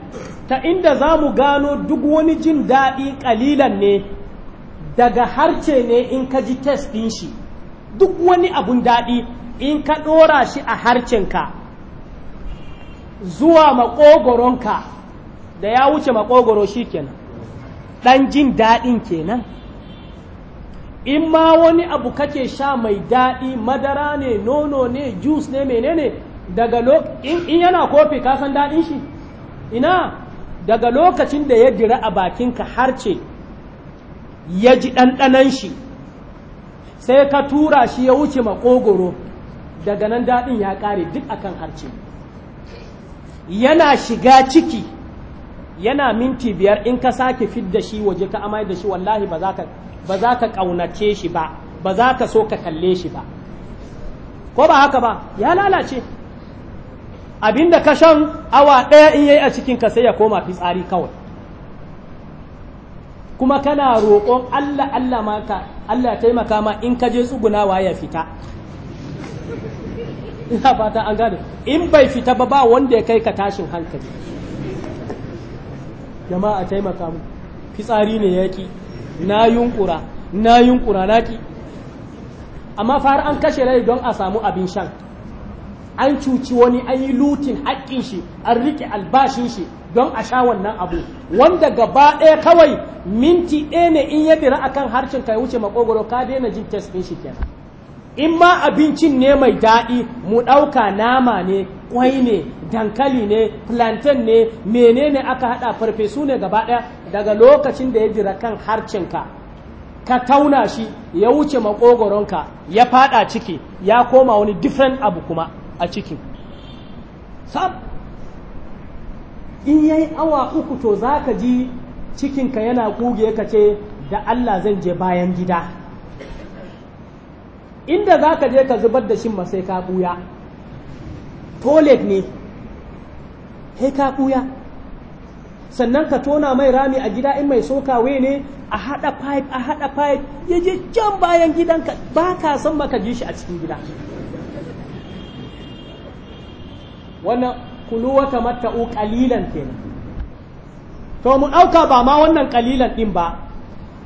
ta inda za mu gano duk wani jin daɗi ƙalilan ne daga harce ne in ka ji test ɗin shi duk wani abun daɗi in ka ɗora shi a harcenka zuwa maƙogoronka da ya wuce maƙogoro shi kenan ɗan jin daɗin kenan in ma wani abu kake sha mai daɗi madara ne nono ne jus ne menene daga in yana kofi ka san daɗin shi ina daga lokacin da ya jira a bakinka har ce ya ji ɗanɗanan shi sai ka tura shi ya wuce makogoro daga nan daɗin ya ƙare duk akan harce yana shiga ciki yana minti biyar in ka sake fid da shi waje ka amai da shi wallahi ba za ka ƙaunace shi ba ba za ka so ka kalle shi ba ko ba haka ba ya lalace abinda ka shan awa ɗaya in yayi a cikin ka sai ya koma fitsari kawai kuma kana roƙon Allah Allah maka Allah taimaka ma in ka je tsugunawa ya fita ina fata an gane in bai fita ba ba wanda ya kai ka tashin hankali jama'a taimaka mu fitsari ne yaki na yunkura na yunkura naki amma fara an kashe rai don a samu abin shan an cuci wani an yi lutin haƙƙin shi an rike albashin shi don a sha wannan abu wanda gaba ɗaya kawai minti ɗaya ne in ya dira akan harcin ka ya wuce makogoro ka daina jin test ɗin shi kenan in ma abincin ne mai daɗi mu ɗauka nama ne ƙwai ne dankali ne plantain ne menene aka haɗa farfesu ne gaba ɗaya daga lokacin da ya jira kan harcin ka ka tauna shi ya wuce makogoronka ya faɗa ciki ya koma wani different abu kuma a ciki sab in yayi awa uku to za ka ji cikinka yana kuge ka ce da Allah zan je bayan gida inda za ka je ka zubar da shin sai ka buya toilet ne he ka buya sannan ka tona mai rami a gida in mai sokawe ne a haɗa pipe a haɗa pipe ya je can bayan gidanka ba ka san maka ji shi a cikin gida wannan kulu wa tamatta'u qalilan kenan to mu dauka ba ma wannan qalilan din ba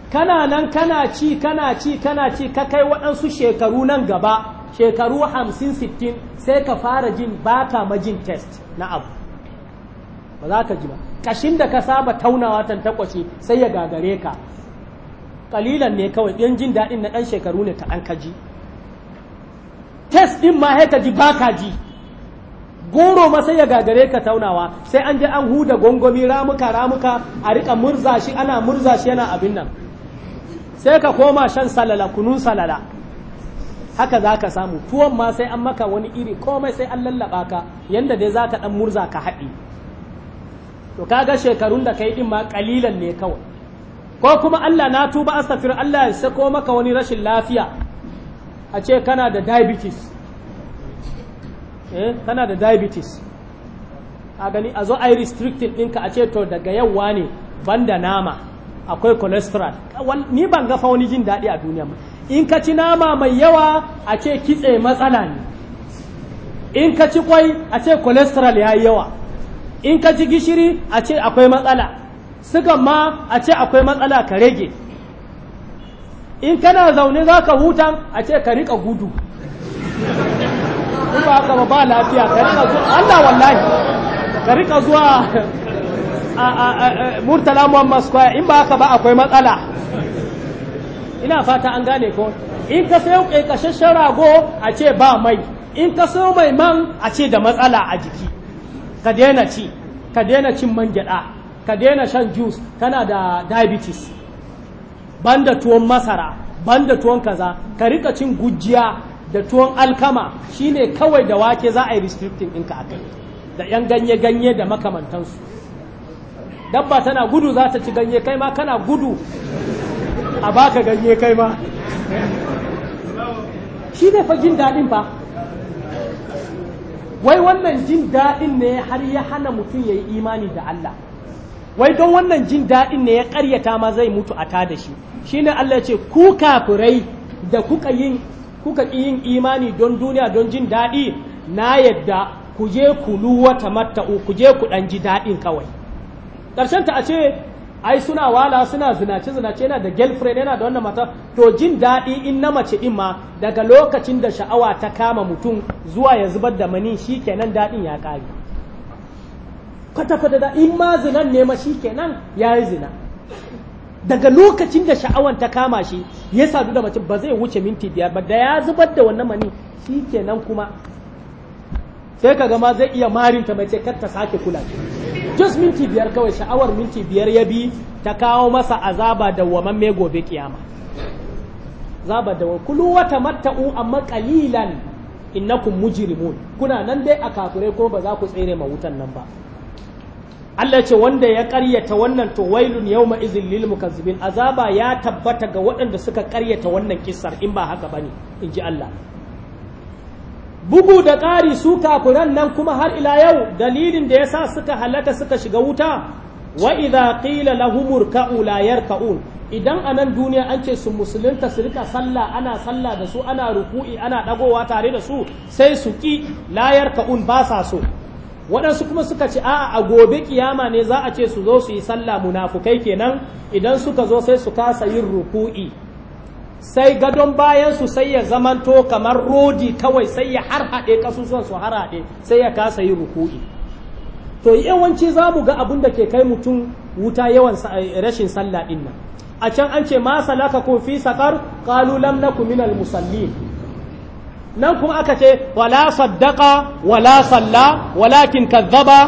kana nan kana ci kana ci kana ci ka kai waɗansu shekaru nan gaba shekaru hamsin sittin sai ka fara jin baka majin test na abu ba za ka ji ba kashin da ka saba taunawa tan takwashi sai ya gagare ka kalilan ne kawai ɗan jin daɗin na ɗan shekaru ne ta ka ji test ɗin ma haika ji ba ka ji goro masa ya gagare ka taunawa sai an je an huda gongomi ramuka ramuka a rika murza shi ana murza shi yana abin nan sai ka koma shan salala kunun salala haka za ka samu tuwon ma sai an maka wani iri komai sai an lallaba ka yadda dai za ka ɗan murza ka haɗi to kaga shekarun da ka yi ɗin ma ƙalilan ne kawai ko kuma Allah na tuba astafir Allah ya sako maka wani rashin lafiya a ce kana da diabetes eh kana da diabetes a gani a zo ai restricted ɗinka a ce to daga yawa ne banda nama akwai cholesterol ni ban ga fauni jin daɗi a duniya ba in ka ci nama mai yawa a ce kitse matsala ne in ka ci kwai a ce cholesterol ya yawa in ka ci gishiri a ce akwai matsala sugan ma a ce akwai matsala ka rage in kana zaune za ka hutan a ce ka riƙa gudu in ba haka ba ba lafiya ka rika zuwa Allah wallahi ka rika zuwa murtala muhammad square in ba haka ba akwai matsala ina fata an gane ko in ka sayo ƙaƙashin rago a ce ba mai in ka sayo mai man a ce da matsala a jiki ka daina ci ka daina cin man ka daina shan juice kana da diabetes banda tuwon masara banda tuwon kaza ka rika cin gujiya da tuwon alkama shine kawai da wake za a yi restricting in a kai da 'yan ganye-ganye da makamantansu dabba tana gudu za ta ci ganye kai ma kana gudu a baka ganye kai ma shi ne fa jin daɗin fa wai wannan jin daɗin ne har ya hana mutum ya yi imani da Allah wai don wannan jin daɗin ne ya ƙaryata ma zai mutu a ta da shi shi ne Allah ya ce ku kafirai da kuka yin kuka ƙi yin imani don duniya don jin daɗi na yadda ku je ku luwa tamatta'u ku je ku ɗan ji daɗin kawai ƙarshen ta a ce ai suna wala suna zinace zinace yana da girlfriend yana da wannan mata to jin daɗi in na mace in ma daga lokacin da sha'awa ta kama mutum zuwa ya zubar da mani shi shikenan daɗin ya ƙare kwata kwata da in ma zinan ne ma shikenan ya yi zina daga lokacin da sha'awar ta kama shi ya sadu da mace ba zai wuce minti biyar ba da ya zubar da wannan mani shi kenan kuma sai ka gama zai iya marinta mace kar ta sake kula just minti biyar kawai sha'awar minti biyar ya bi ta kawo masa azaba da waman mai gobe kiyama zaba da wa kulu wata matta'u amma qalilan innakum mujrimun kuna nan dai a kafirai ko ba za ku tsere ma wutan nan ba Allah ce wanda ya ƙaryata wannan to wailun yawma izin lil mukazzibin azaba ya tabbata ga waɗanda suka ƙaryata wannan kissar in ba haka bane in ji Allah bugu da ƙari su kafiran nan kuma har ila yau dalilin da yasa suka halaka suka shiga wuta wa idza qila lahum urka'u la yarka'un idan a nan duniya an ce su musulunta su rika sallah ana sallah da su ana ruku'i ana dagowa tare da su sai su ki layar ka'un ba sa so waɗansu kuma suka ce a'a a gobe kiyama ne za a ce su zo su yi sallah munafukai kenan idan suka zo sai su kasa yin ruku'i sai gadon bayan su sai ya zamanto kamar rodi kawai sai ya harhaɗe ƙasusuwan su harhaɗe sai ya kasa yin ruku'i to yawanci za mu ga abin da ke kai mutum wuta yawan eh, rashin sallah ɗin nan a can an ce ma salaka kun fi sakar ƙalu lam naku musallin nan kuma aka ce wala saddaqa wala salla walakin kazzaba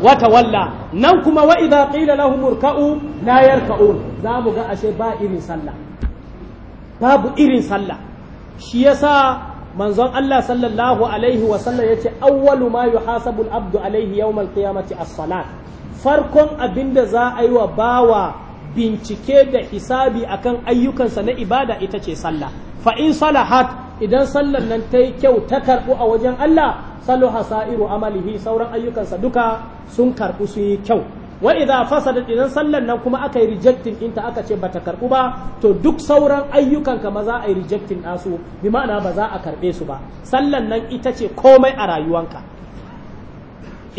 wa tawalla nan kuma wa idza qila lahum urka'u la yarka'un zamu ga ashe ba irin sallah babu irin sallah shi yasa manzon Allah sallallahu alaihi wa sallam yace awwalu ma yuhasabu al-abdu alaihi yawm al-qiyamati as-salat farkon abinda za a yi wa bawa bincike da hisabi akan ayyukansa na ibada ita ce sallah fa in salahat idan sallan nan ta yi kyau ta karɓu a wajen Allah salo sa'iru amalihi sauran ayyukansa duka sun karɓu sun yi kyau wa idza idan sallan nan kuma aka yi rejecting inta aka ce bata karɓu ba to duk sauran ayyukan ka ma za a yi rejecting nasu bi ma'ana ba za a karɓe su ba sallan nan ita ce komai a rayuwanka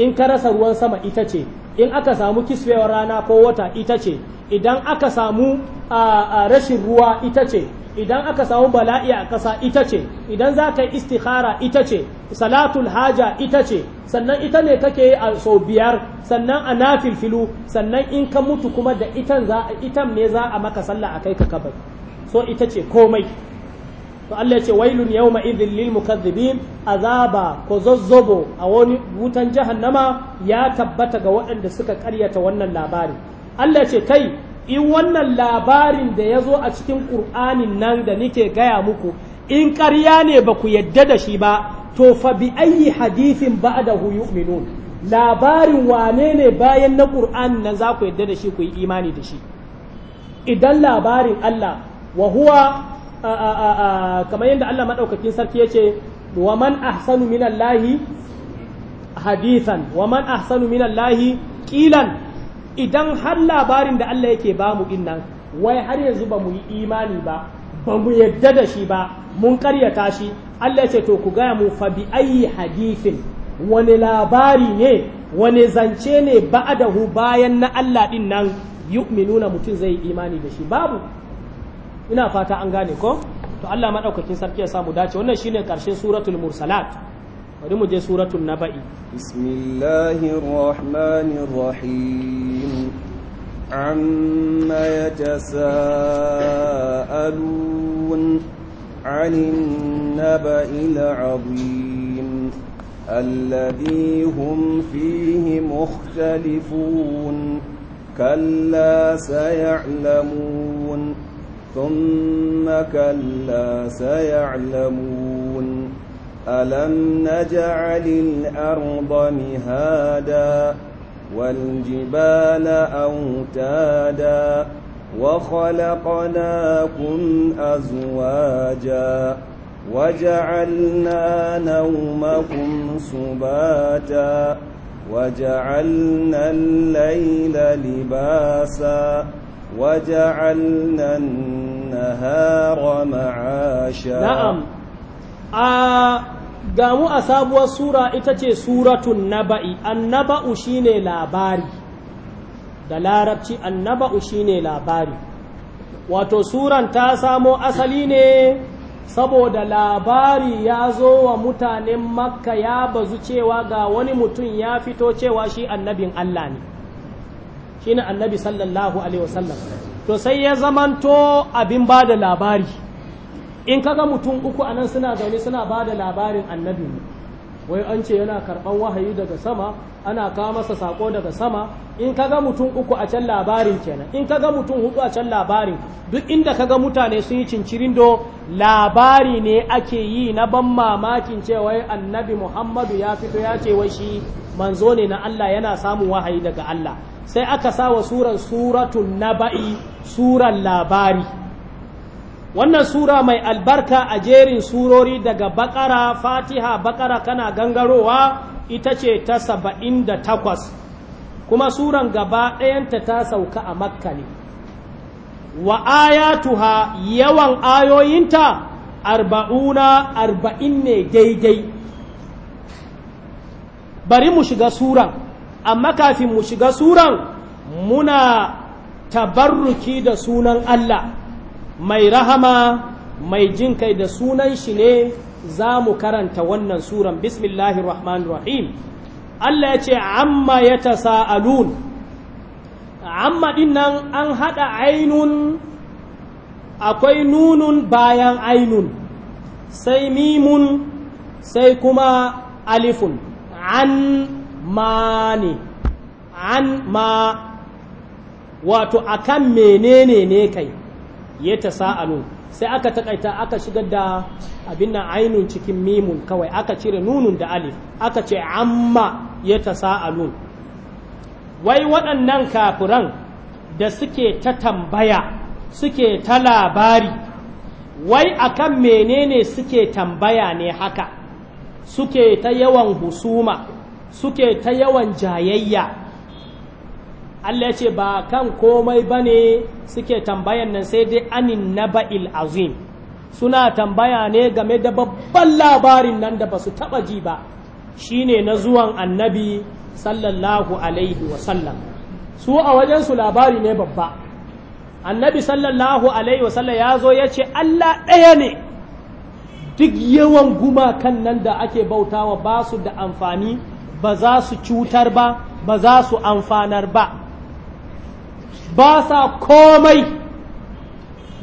in ka rasa ruwan sama ita ce in aka samu kiswewar rana ko wata ita ce idan aka samu rashin ruwa ita ce idan aka samu bala'i a ƙasa ita ce idan za ka yi istikhara ita ce salatul haja ita ce sannan ita ne kake yi a sau biyar sannan a na filu sannan in ka mutu kuma da itan ne za a maka sallah a kai ka kabar so ita ce komai to Allah ya ce wailun yawma idhil lil mukaththibin azaba ko a wani wutan jahannama ya tabbata ga waɗanda suka ƙaryata wannan labari Allah ya ce kai in wannan labarin da ya zo a cikin ƙur'anin nan da nike gaya muku in ƙarya ne ba ku yadda da shi ba to fa bi ayi hadithin ba'dahu yu'minun labarin wane ne bayan na ƙur'anin nan za ku yadda da shi ku yi imani da shi idan labarin Allah wa huwa kamar yadda Allah maɗaukakin sarki ya ce wa man ahsanu lahi hadithan wa man ahsanu lahi ƙilan idan har labarin da Allah yake bamu dinnan wai har yanzu ba mu yi imani ba ba mu yadda da shi ba mun karyata shi Allah ce to ku gaya mu fa bi ayi hadithin wani labari ne wani zance ne ba'adahu bayan na Allah din nan yu'minuna mutum zai imani da shi babu ina fata an gane ko to Allah madaukakin sarki ya samu dace wannan shine karshen suratul mursalat bari mu je suratul naba'i bismillahir rahmanir rahim amma yatasaalun 'anil naba'il 'azim alladhi hum fihi mukhtalifun كلا سيعلمون ثم كلا سيعلمون ألم نجعل الأرض مهادا والجبال أوتادا وخلقناكم أزواجا وجعلنا نومكم سباتا وجعلنا الليل لباسا وجعلنا النهار معاشا نعم gamu mu a sabuwar sura ita ce suratun naba'i annaba'u shine labari da larabci annaba'u shine labari wato suran ta samo asali ne saboda labari ya zo wa mutanen makka ya bazu cewa ga wani mutum ya fito cewa shi annabin Allah ne shine annabi sallallahu alaihi wasallam to sai ya zamanto abin ba da labari in kaga mutum uku anan suna zaune suna ba da labarin annabi ne wai an ce yana karɓan wahayi daga sama ana kawo masa sako daga sama in ka ga mutum uku a can labarin kenan in ka ga mutum hudu a can labarin duk inda ka ga mutane sun yi cincirindo labari ne ake yi na ban mamakin cewa annabi muhammadu ya fito ya ce wai shi manzo ne na Allah yana samun wahayi daga Allah sai aka sa wa suran suratun naba'i suran labari wannan sura mai albarka a jerin surori daga bakara fatiha bakara kana gangarowa ita ce ta saba'in da takwas kuma suran gaba ɗayanta ta sauka a makka ne wa ayatuha yawan ayoyinta arba'una arba'in ne daidai bari mu shiga suran amma kafin mu shiga suran muna tabarruki da sunan Allah mai rahama mai jin kai da sunan shi ne za mu karanta wannan suran bismillahir rahmanir rahim Allah ya ce amma ya tasa'alun amma dinnan an haɗa ainun akwai nunun bayan ainun sai mimun sai kuma alifun an ma ne an ma wato akan menene ne kai ya ta sa'alu sai aka taƙaita aka shigar da abin nan ainun cikin mimun kawai aka cire nunun da alif aka ce amma ya ta sa'alu wai waɗannan kafuran da suke ta tambaya suke ta labari wai akan menene suke tambaya ne haka suke ta yawan husuma suke ta yawan jayayya Allah ya ce ba kan komai ba ne suke tambayan nan sai dai anin naba'il azim suna tambaya ne game da babban labarin nan da ba su taɓa ji ba shine na zuwan annabi sallallahu alaihi wasallam su a wajensu labari ne babba annabi sallallahu alaihi wasallam ya zo ya ce Allah ɗaya ne duk yawan gumakan nan da ake bautawa ba su da amfani ba za su cutar ba ba za su amfanar ba ba sa komai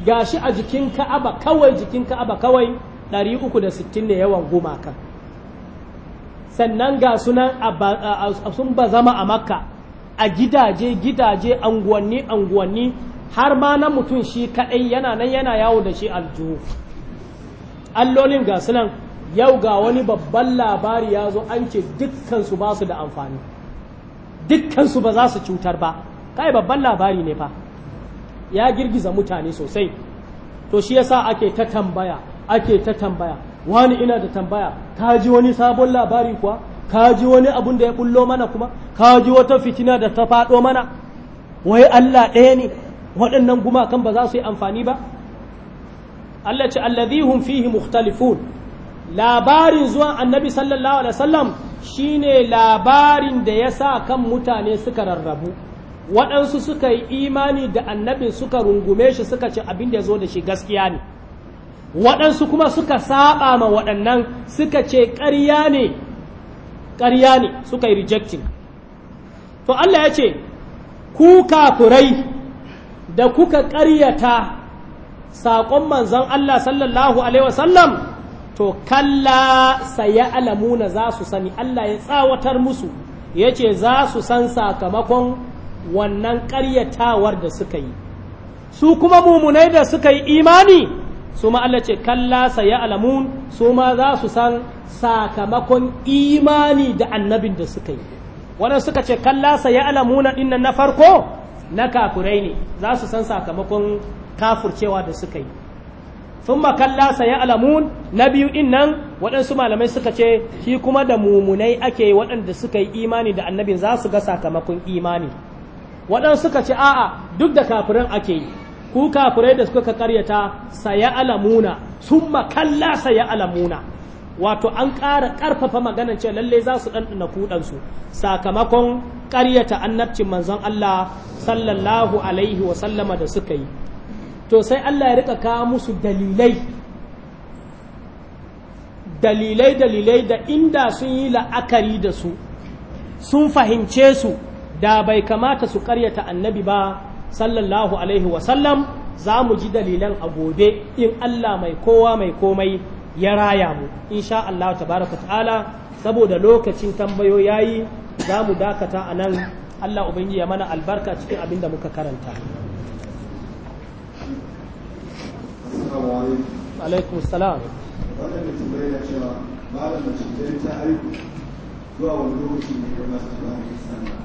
gashi a jikin ka'aba kawai jikin ka'aba kawai 360 ne yawan gumakan sannan ga sunan sun ba zama a makka a gidaje gidaje anguwanni anguwanni har ma na mutum shi kaɗai yana nan yana yawo da shi aljuhu allolin ga sunan yau ga wani babban labari ya zo an ce dukkansu ba su da amfani dukkansu ba za su cutar ba kai babban labari ne fa ya girgiza mutane sosai to shi yasa ake ta tambaya ake ta tambaya wani ina da tambaya ka ji wani sabon labari kuwa ka ji wani abun da ya bullo mana kuma ka ji wata fitina da ta fado mana wai Allah ɗaya ne waɗannan gumakan ba za su yi amfani ba Allah ce alladhihum fihi mukhtalifun labarin zuwan annabi sallallahu alaihi wasallam shine labarin da ya sa kan mutane suka rarrabu waɗansu suka yi imani da annabi suka rungume shi suka ce abin da ya zo da shi gaskiya ne waɗansu kuma suka saba ma waɗannan suka ce ƙarya ne ƙarya ne suka yi rejecting to Allah ya ce ku kafurai da kuka ƙaryata saƙon manzon Allah sallallahu alaihi wasallam to kalla saya alamuna za su sani Allah ya tsawatar musu ya ce za su san sakamakon wannan ƙaryatawar da suka yi su kuma mumunai da suka yi imani su ma Allah ce kalla saye alamun su ma za su san sakamakon imani da annabin da suka yi waɗanda suka ce kalla saya alamuna dinnan na farko na kafurai ne za su san sakamakon kafurcewa da suka yi sun kalla saye alamun na biyu innan waɗansu malamai suka ce shi kuma da mumunai ake waɗanda suka yi imani da annabin za su ga sakamakon imani waɗansu suka ce a'a duk da kafiran ake yi ku kafirai da suka karyata saya alamuna sun makalla saya alamuna wato an ƙara ƙarfafa maganan ce lalle za su ɗanɗana kuɗansu sakamakon ƙaryata annabcin manzon Allah sallallahu alaihi wa sallama da suka yi to sai Allah ya rika kawo musu dalilai dalilai-dalilai da inda sun yi la'akari da su sun fahimce su da bai kamata su karyata annabi ba sallallahu alaihi wasallam za mu ji dalilan a gobe in Allah mai kowa mai komai ya raya mu insha Allah tabaraka ta'ala saboda lokacin tambayo yayi za mu dakata a nan Allah ubangiji ya mana albarka cikin abin da muka karanta alaikum salam zuwa wani lokaci ne ga masu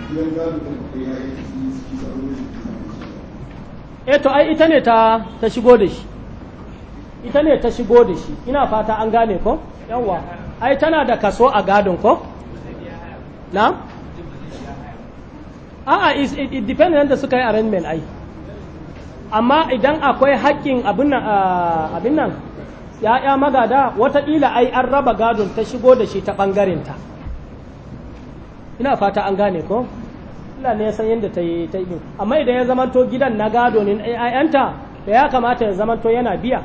e to ai ita ne ta ta shigo da shi ita ne ta shigo da shi ina fata an gane ko yawa ai tana da kaso a gadon ko na a'a it depends da suka yi arrangement ai amma idan akwai haƙƙin abin nan ya magada watakila ai an raba gadon ta shigo da shi ta ta ina fata an gane ko Allah ne ya san yadda ta yi ta yi amma idan ya zamanto gidan na gado ne ta da ya kamata ya zamanto yana biya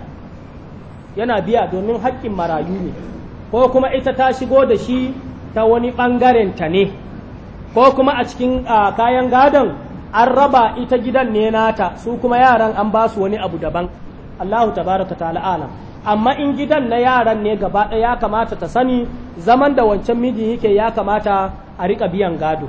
yana biya domin haƙƙin marayu ne ko kuma ita ta shigo da shi ta wani ɓangaren ta ne ko kuma a cikin kayan gadon an raba ita gidan ne nata su kuma yaran an ba su wani abu daban Allahu tabaraka ta'ala alam amma in gidan na yaran ne gaba ɗaya ya kamata ta sani zaman da wancan miji yake ya kamata a riƙa biyan gado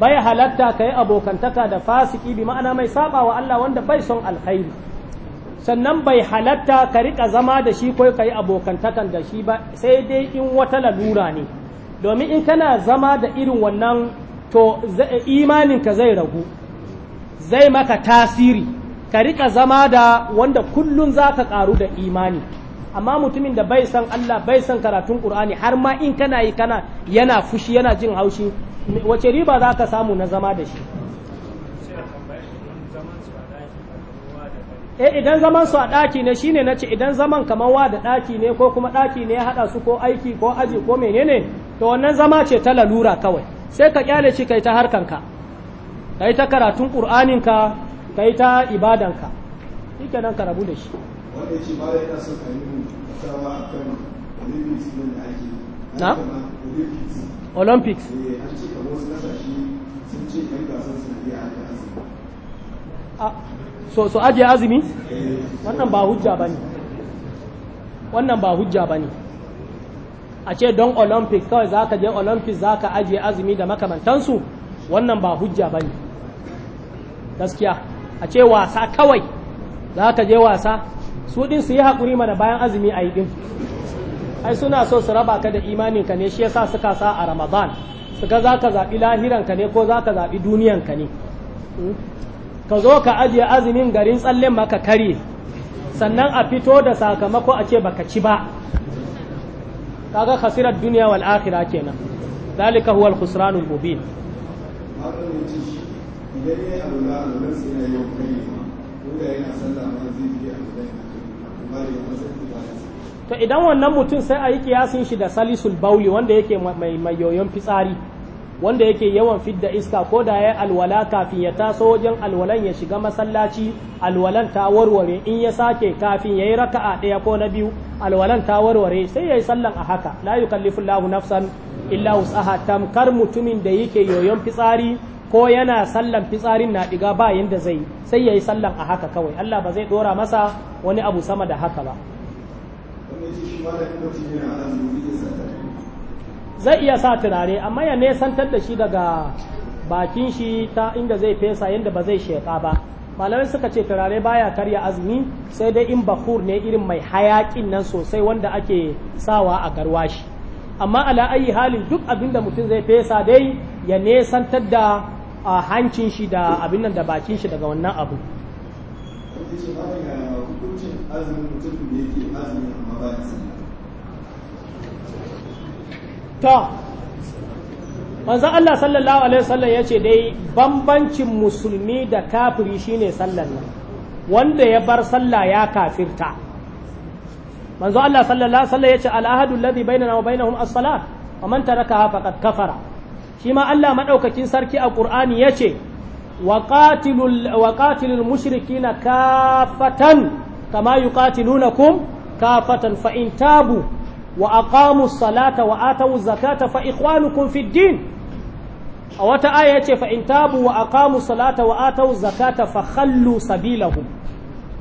bai halatta ka yi abokantaka da fasiki bi ma'ana mai saba wa Allah wanda bai son alkhairi sannan bai halatta ka rika zama da shi ko ka yi abokantakan da shi ba sai dai in wata lalura ne domin in kana zama da irin wannan to imaninka zai ragu zai maka tasiri ka rika zama da wanda kullum za ka ƙaru da imani amma mutumin da bai san Allah bai san karatun Qur'ani har ma in kana yi kana yana fushi yana jin haushi wace riba za ka samu na zama da shi eh idan zaman su a ɗaki ne shine nace idan zaman kamar wa da ɗaki ne ko kuma ɗaki ne ya haɗa su ko aiki ko aji ko menene to wannan zama ce ta lalura kawai sai ka kyale shi kai ta ka kai ta karatun ka kai ta ibadanka shikenan ka rabu da shi wanda olympics an ce so ajiye azumi eh. wannan ba hujja ba wannan ba hujja ba a ce don olympic kawai za ka je olympic za ka ajiye azumi da makamantansu wannan ba hujja ba ne gaskiya a ce wasa kawai za ka je wasa su din su yi haƙuri mana bayan azumi a yi ɗin ai suna so su raba ka da imaninka ne shi yasa suka sa a ramadan su ga za ka zaɓi lahiranka ne ko za ka zaɓi duniyanka ne hmm? ka zo ka ajiye azumin garin tsallen maka kare sannan a fito da sakamako a ce baka ci ba kaga khasirar duniya wal akhirah kenan dalika huwa al khusranul mubin idan ya abu abu ya kai ma ko da yana zai abu da to idan wannan mutum sai a yi kiyasin shi da salisul bauli wanda yake mai yoyon fitsari wanda yake yawan fidda iska ko da ya alwala kafin ya taso wajen alwalan ya shiga masallaci alwalan ta warware in ya sake kafin ya yi a ɗaya ko na biyu alwalan ta warware sai ya yi sallan a haka la yukallifu lahu nafsan illa wus'aha tamkar mutumin da yake yoyon fitsari ko yana sallan fitsarin na diga ba yanda zai sai yayi sallan a haka kawai Allah ba zai dora masa wani abu sama da haka ba zai iya sa turare amma ya nesantar da shi daga bakin shi ta inda zai fesa yadda ba zai sheƙa ba malamai suka ce turare baya karya azumi sai dai in bakur ne irin mai hayakin nan sosai wanda ake sawa a garwashi amma ala ayi halin duk abin da mutum zai fesa dai ya nesantar da a hancin shi da abin nan da bakin shi daga wannan abu to manzan Allah sallallahu alaihi wasallam ya ce dai bambancin musulmi da kafiri shine sallan nan wanda ya bar sallah ya kafirta manzo Allah sallallahu alaihi wasallam ya ce al'ahadu alladhi bainana wa bainahum as-salat wa man tarakaha faqad kafara shi ma Allah maɗaukakin sarki a ƙur'ani ya ce wa ƙatilul mushriki na kafatan kama yi kum kafatan fa'in tabu wa aqamu salata wa atawu zakata fa ikhwanukum fid din a wata aya yace fa in tabu wa aqamu salata wa atawu zakata fa khallu sabilahum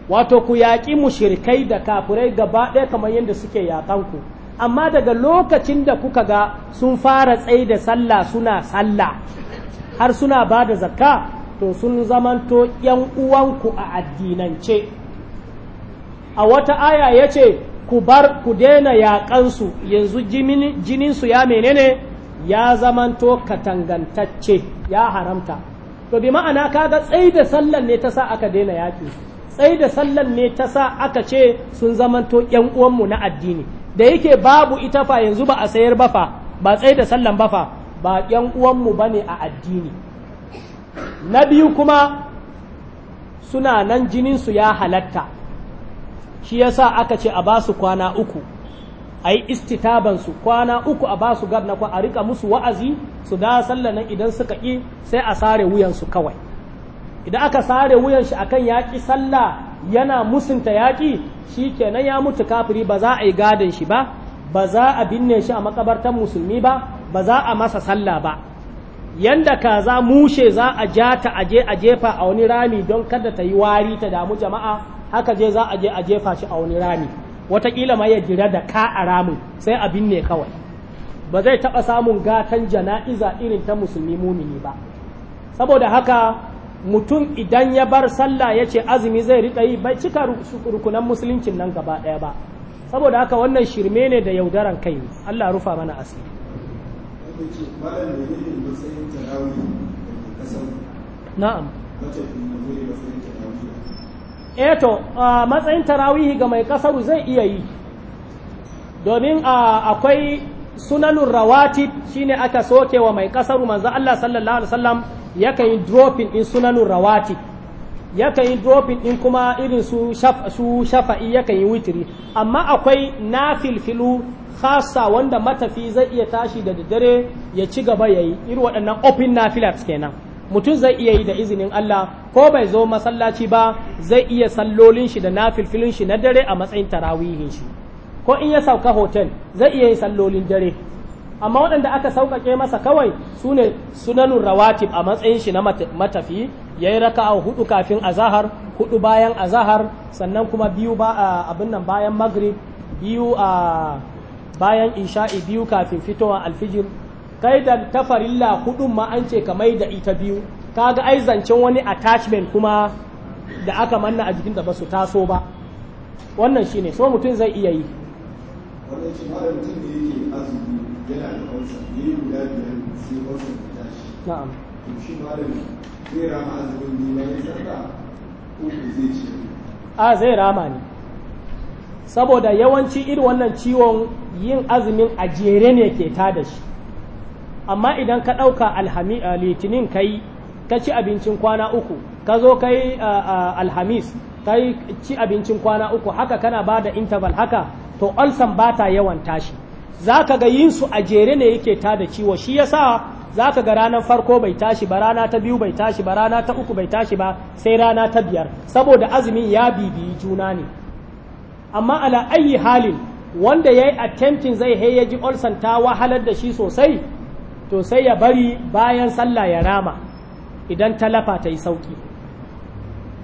wato ku yaƙi mushrikai da kafirai gaba ɗaya kamar yadda suke yaƙan ku amma daga lokacin da kuka ga sun fara tsaye da sallah suna sallah har suna ba da zakka to sun zamanto ‘yan uwanku a addinance a wata aya ya ce ku bar ku daina yaƙansu yanzu jininsu ya menene ya zamanto katangantacce ya haramta to bi ma'ana kaga tsaye da sallan ne ta sa aka daina yaƙi tsaye da sallan ne ta sa aka ce sun zamanto ‘yan uwanmu na addini da yake babu ita fa yanzu ba a sayar ba fa ba tsaye da sallan ba fa ba yan uwanmu ba ne a addini na biyu kuma suna nan jininsu ya halatta shi ya sa aka ce a basu kwana uku a yi istitabansu kwana uku a basu gabna kwa a rika musu wa'azi su da sallan nan idan suka ƙi sai a sare wuyansu kawai idan aka sare wuyan shi akan yaƙi sallah yana musunta yaƙi shi kenan ya mutu kafiri ba za a yi gadon shi ba ba za a binne shi a makabartar musulmi ba ba za a masa sallah ba yanda kaza mushe za a ja ta aje a jefa a wani rami don kada ta yi wari ta damu jama'a haka je za a je a jefa shi a wani rami wataƙila ma ya jira da ka a ramin sai a binne kawai ba zai taɓa samun gatan jana'iza irin ta musulmi mumini ba saboda haka mutum idan ya bar sallah ya ce azumi zai riƙa yi bai cika rukunan musuluncin nan gaba ɗaya ba saboda haka wannan shirme ne da yaudaran kai Allah rufa mana asiri na'am eto eh matsayin tarawihi ga mai kasaru zai iya yi domin akwai sunanun rawatib shine aka soke wa mai kasaru manzo Allah sallallahu alaihi wasallam yakan yi dropping din sunanun rawatib yakan yi dropping din kuma irin su su shafa'i yakan yi witiri amma akwai nafil filu khassa wanda matafi zai iya tashi da daddare ya ci gaba yayi irin waɗannan open nafilat kenan mutum zai iya yi da izinin Allah ko bai zo masallaci ba zai iya sallolin shi da nafil filin shi na dare a matsayin tarawihin shi ko in ya sauka hotel zai iya yi sallolin dare amma waɗanda aka sauƙaƙe masa kawai su ne sunanun rawatib a matsayin shi na matafi ya yi raka'a hudu kafin azahar hudu bayan azahar sannan kuma biyu ba abin nan bayan magrib biyu a bayan isha'i biyu kafin fitowa alfijir kai da tafarilla hudun ma an ce kamar da ita biyu kaga ai zancen wani attachment kuma da aka manna a jikin da ba su taso ba wannan shine so mutum zai iya yi wanda ce mara mutum da yake azumi yana da ya yi guda biyar sai ulcer ta tashi na'am to shi malam zai rama azumin ne bayan sarka ko zai ci. a zai rama ne saboda yawanci irin wannan ciwon yin azumin a jere ne ke tada shi amma idan ka ɗauka litinin ka yi ka ci abincin kwana uku ka zo ka yi alhamis ka ci abincin kwana uku haka kana ba da interval haka to ulcer ba ta yawan tashi za ka ga yin su a jere ne yake ta da ciwo shi ya sa za ka ga ranar farko bai tashi ba rana ta biyu bai tashi ba rana ta uku bai tashi ba sai rana ta biyar saboda azumin ya bibiyi juna ne amma ala ayi halin wanda ya yi attempting zai hey ya ta wahalar da shi sosai to sai ya bari bayan sallah ya rama idan ta lafa ta yi sauki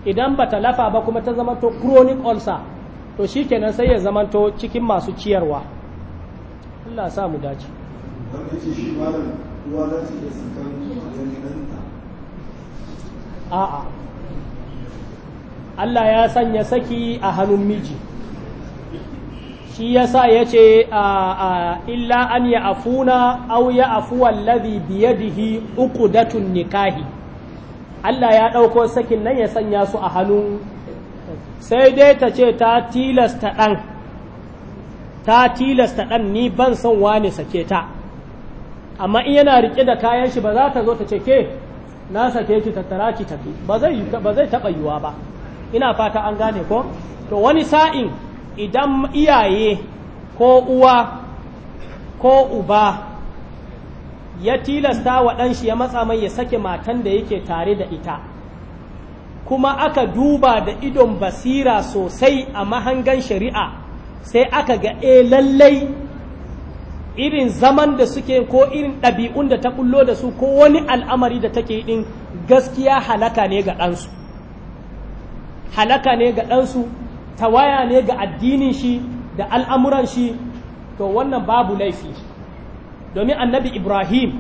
idan ba ta lafa ba kuma ta zama to chronic ulcer to shi kenan sai ya zamanto cikin masu ciyarwa Allah sa mu dace a'a Allah ya sanya saki a hannun miji shi yasa ya ce illa an ya afuna au ya afuwa ladhi biyadihi uqdatun nikahi Allah ya ɗauko sakin nan ya sanya su a hannun sai dai ta ce ta tilasta ɗan ta tilasta ɗan ni ban son wane sake ta amma in yana rike da kayan shi ba za ta zo ta ce ke na sake ki tattara ki tafi ba zai taɓa yiwa ba ina fata an gane ko to wani sa'in idan iyaye ko uwa ko uba ya tilasta wa ɗanshi ya matsa mai ya sake matan da yake tare da ita kuma aka duba da idon basira sosai a mahangan shari'a sai aka ga e lallai irin zaman da suke ko irin ɗabi'un da ta kullo da su ko wani al'amari da take ɗin gaskiya halaka ne ga ɗansu halaka ne ga ɗansu tawaya ne ga addinin shi da al'amuran shi to wannan babu laifi domin annabi ibrahim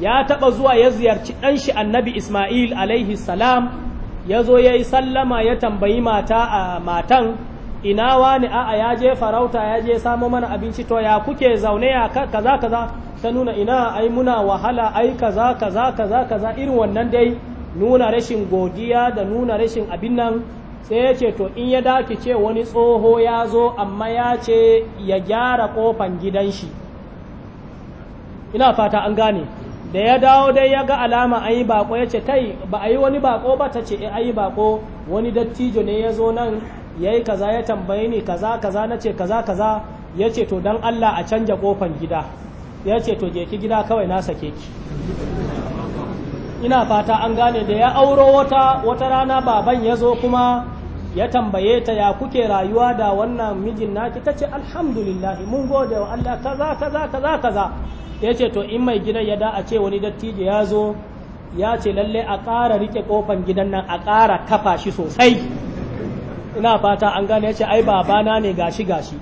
ya taɓa zuwa ya ziyarci ɗanshi annabi ismail alaihi salam ya zo ya yi sallama ya tambayi mata a matan ina wani a'a ya je farauta ya je samo mana abinci to ya kuke zaune ya kaza kaza ta nuna ina ai muna wahala ai kaza kaza kaza kaza irin wannan dai nuna rashin godiya da nuna rashin abin nan sai ya ce to in ya daki ce wani tsoho ya zo amma ya ce ya gyara kofan gidan shi ina fata an gane da ya dawo dai ya ga alama ayi yi bako ya ce kai ba a yi wani bako ba ta ce e yi bako wani dattijo ne ya zo nan ya yi kaza ya tambaye ni kaza kaza na ce kaza kaza ya ce to dan allah a canja kofan gida ya ce to je ki gida kawai na sake ki ina fata an gane da ya auro wata wata rana baban ya zo kuma ya tambaye ta ya kuke rayuwa da wannan mijin naki tace alhamdulillah mun gode wa Allah kaza kaza kaza kaza ya ce to in mai gidan ya da a ce wani dattijo ya zo ya ce lalle a ƙara rike ƙofan gidan nan a ƙara kafa shi sosai ina fata an gane ya ce ai babana ne gashi gashi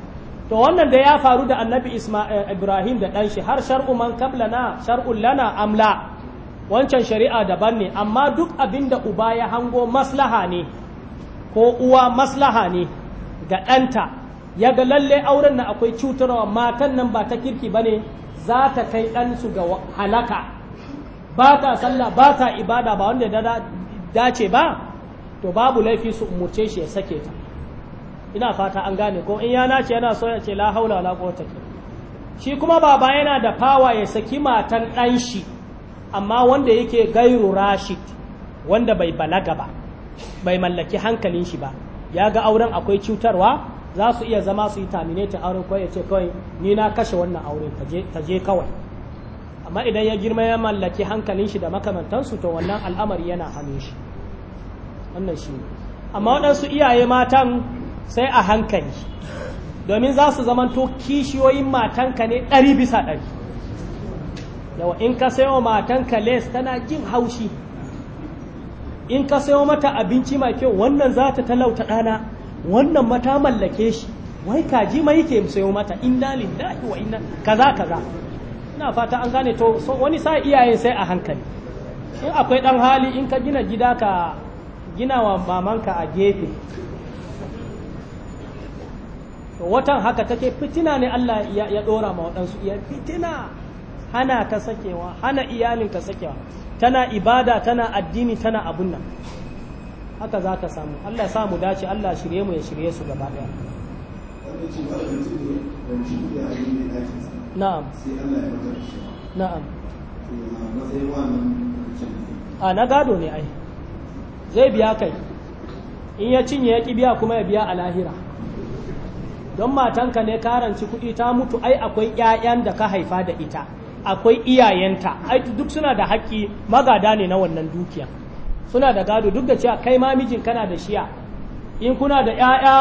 to wannan da ya faru da annabi isma'il eh, ibrahim da ɗanshi har shar'u man na shar'un lana amla wancan shari'a daban ne amma duk abin da uba ya hango maslaha ne ko uwa maslaha ne ga ɗanta ya ga lalle auren nan akwai cutarwa matan nan ba ta kirki bane za ta kai ɗansu ga halaka ba ta sallah ba ta ibada ba wanda ya dace ba to babu laifi su umurce shi ya sake ta ina fata an gane ko in ya nace yana soya ya ce la haula la quwwata shi kuma baba yana da fawa ya saki matan ɗan shi amma wanda yake gairu rashid wanda bai balaga ba bai mallaki hankalin shi ba ya ga auren akwai cutarwa za su iya zama su yi terminating auren kawai ya ce kawai ni na kashe wannan aure ta je kawai amma idan ya girma ya mallaki hankalin shi da makamantansu to wannan al'amari yana hannun shi wannan shi amma waɗansu iyaye matan sai a hankali domin za su zamanto kishiyoyin matanka ne ɗari bisa ɗari yawa in ka sayo matanka les tana jin haushi in ka sayo mata abinci mai kyau wannan za ta talauta ɗana wannan mata mallake shi wai kaji mai yake sayo mata inna lillahi wa inna kaza kaza ina fata an gane to wani sa iyaye sai a hankali in akwai dan hali in ka gina gida ka gina wa mamanka a gefe to watan haka take fitina ne Allah ya dora ma waɗansu iya fitina hana ta sakewa hana iyalinka sakewa tana ibada tana addini tana abun nan haka za ka samu Allah sa mu dace Allah shirye mu ya shirye su gaba daya na'am na'am a na gado ne ai zai biya kai in ya cinye ya ki biya kuma ya biya a lahira don matanka ne karanci kuɗi ta mutu ai akwai 'ya'yan da ka haifa da ita akwai iyayenta ai duk suna da haƙƙi magada ne na wannan dukiya suna da gado duk da cewa kai ma mijin kana da shiya in kuna da 'ya'ya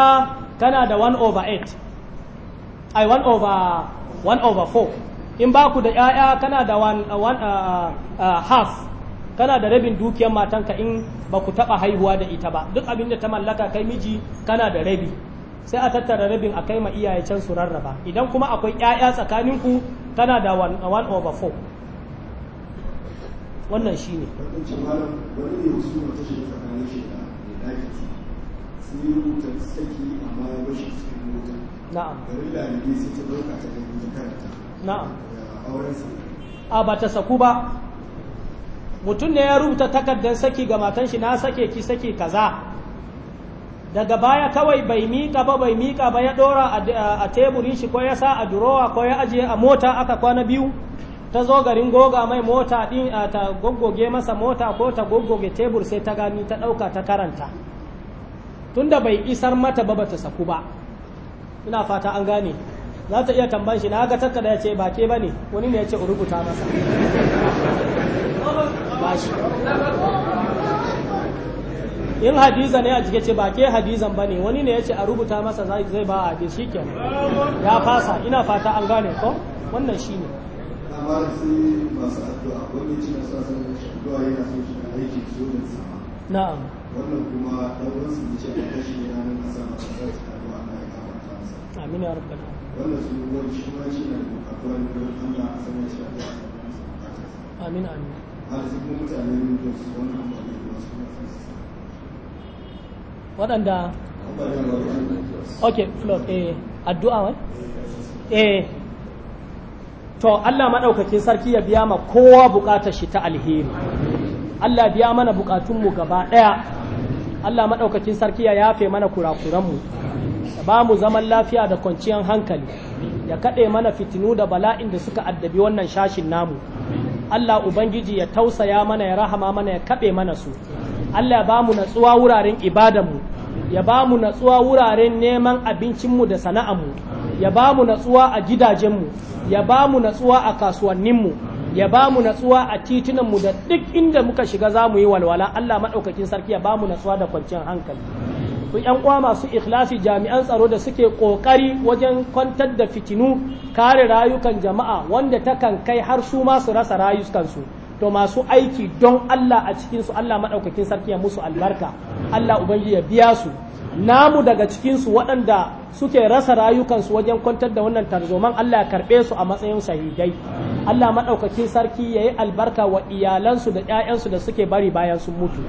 kana da 1 over 8 ai 1 over 1 over 4 in ba ku da 'ya'ya kana da 1 uh, uh, uh, half kana da rabin dukiyar matanka in ba ku taɓa haihuwa da ita ba duk abin da ta mallaka kai miji kana da rabi sai a tattara rabin a kai ma iyaye can su rarraba idan kuma akwai 'ya'ya tsakaninku kana da 1 over 4 wannan shi ne na'am na'am a ba ta saku ba mutum ne ya rubuta takardar saki ga matan shi na sake ki sake kaza daga baya kawai bai miƙa ba bai miƙa ba ya ɗora a teburin shi ko ya sa a durowa ko ya ajiye a mota aka kwana biyu ta zo garin goga mai mota din ta goggoge masa mota ko ta goggoge tebur sai ta gani ta ɗauka ta karanta tunda bai isar mata ba bata saku ba ina fata an gane za ta iya tamban shi na ga takarda ya ce ba ke ba ne wani ne ya ce rubuta masa ba shi in hadiza ne a jike ce ba ke hadizan ba ne wani ne ya ce a rubuta masa zai ba a hadis shi ya fasa ina fata an gane ko wannan shi ne masu addu'a wani addu'a yana so shi aiki sama na'am wannan kuma a addu'a ya amin ya wannan su wani shi shi ne don a sanar shi addu'a amin amin har kuma su amfani da wasu waɗanda ok flood eh addu'a wai eh to Allah maɗaukakin sarki ya biya ma kowa bukatar shi ta alheri Allah biya mana buƙatunmu gaba ɗaya Allah maɗaukakin sarki ya yafe mana kurakuranmu ya ba mu zaman lafiya da kwanciyar hankali ya kaɗe mana fitinu da bala'in da suka addabi wannan shashin namu Allah Ubangiji ya tausaya mana ya rahama mana ya kaɓe mana su Allah ya ba mu natsuwa wuraren mu. ya ba mu natsuwa wuraren neman abincinmu da mu. ya ba mu natsuwa a gidajenmu ya ba mu natsuwa a kasuwanninmu ya ba mu natsuwa a titunanmu da duk inda muka shiga za mu yi walwala Allah maɗaukakin sarki ya ba mu natsuwa da kwanciyar hankali su yan uwa masu ikhlasi jami'an tsaro da suke ƙoƙari wajen kwantar da fitinu kare rayukan jama'a wanda takan kai har su ma su rasa rayukansu to masu aiki don Allah a cikinsu su Allah maɗaukakin sarki ya musu albarka Allah ubangiji ya biya su namu daga cikinsu waɗanda suke rasa rayukansu wajen kwantar da wannan tarzoman Allah ya karɓe su a matsayin shahidai Allah maɗaukakin sarki ya yi albarka wa iyalansu da ‘ya'yansu da suke bari bayan sun mutu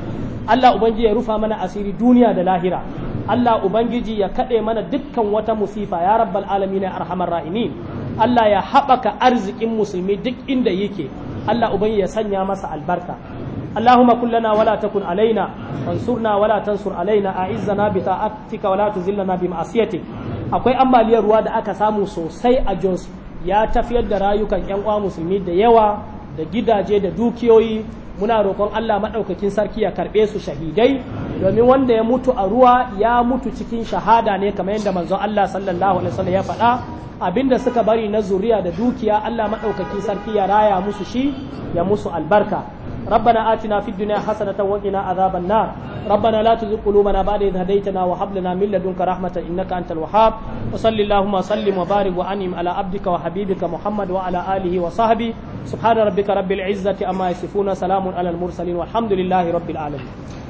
Allah Ubangiji ya rufa mana asiri duniya da lahira Allah Ubangiji ya kaɗe mana dukkan wata musifa ya rabbal alamin ya arhamar rahimi. Allah ya haɓaka arzikin musulmi duk inda yake Allah Ubangiji ya sanya masa albarka اللهم كن لنا ولا تكن علينا وانصرنا ولا تنصر علينا اعزنا بطاعتك ولا تذلنا بمعصيتك akwai ambaliyar ruwa da aka samu sosai a Jos ya tafiyar da rayukan yan uwa musulmi da yawa da gidaje da dukiyoyi muna roƙon Allah maɗaukakin sarki ya karbe su shahidai domin wanda ya mutu a ruwa ya mutu cikin shahada ne kamar yadda manzon Allah sallallahu alaihi wasallam ya faɗa abinda suka bari na zuriya da dukiya Allah maɗaukakin sarki ya raya musu shi ya musu albarka ربنا آتنا في الدنيا حسنة وقنا عذاب النار ربنا لا تزغ قلوبنا بعد إذ هديتنا وهب لنا من لدنك رحمة إنك أنت الوهاب وصلي اللهم سلم وبارك وأنعم على عبدك وحبيبك محمد وعلى آله وصحبه سبحان ربك رب العزة أما يصفون سلام على المرسلين والحمد لله رب العالمين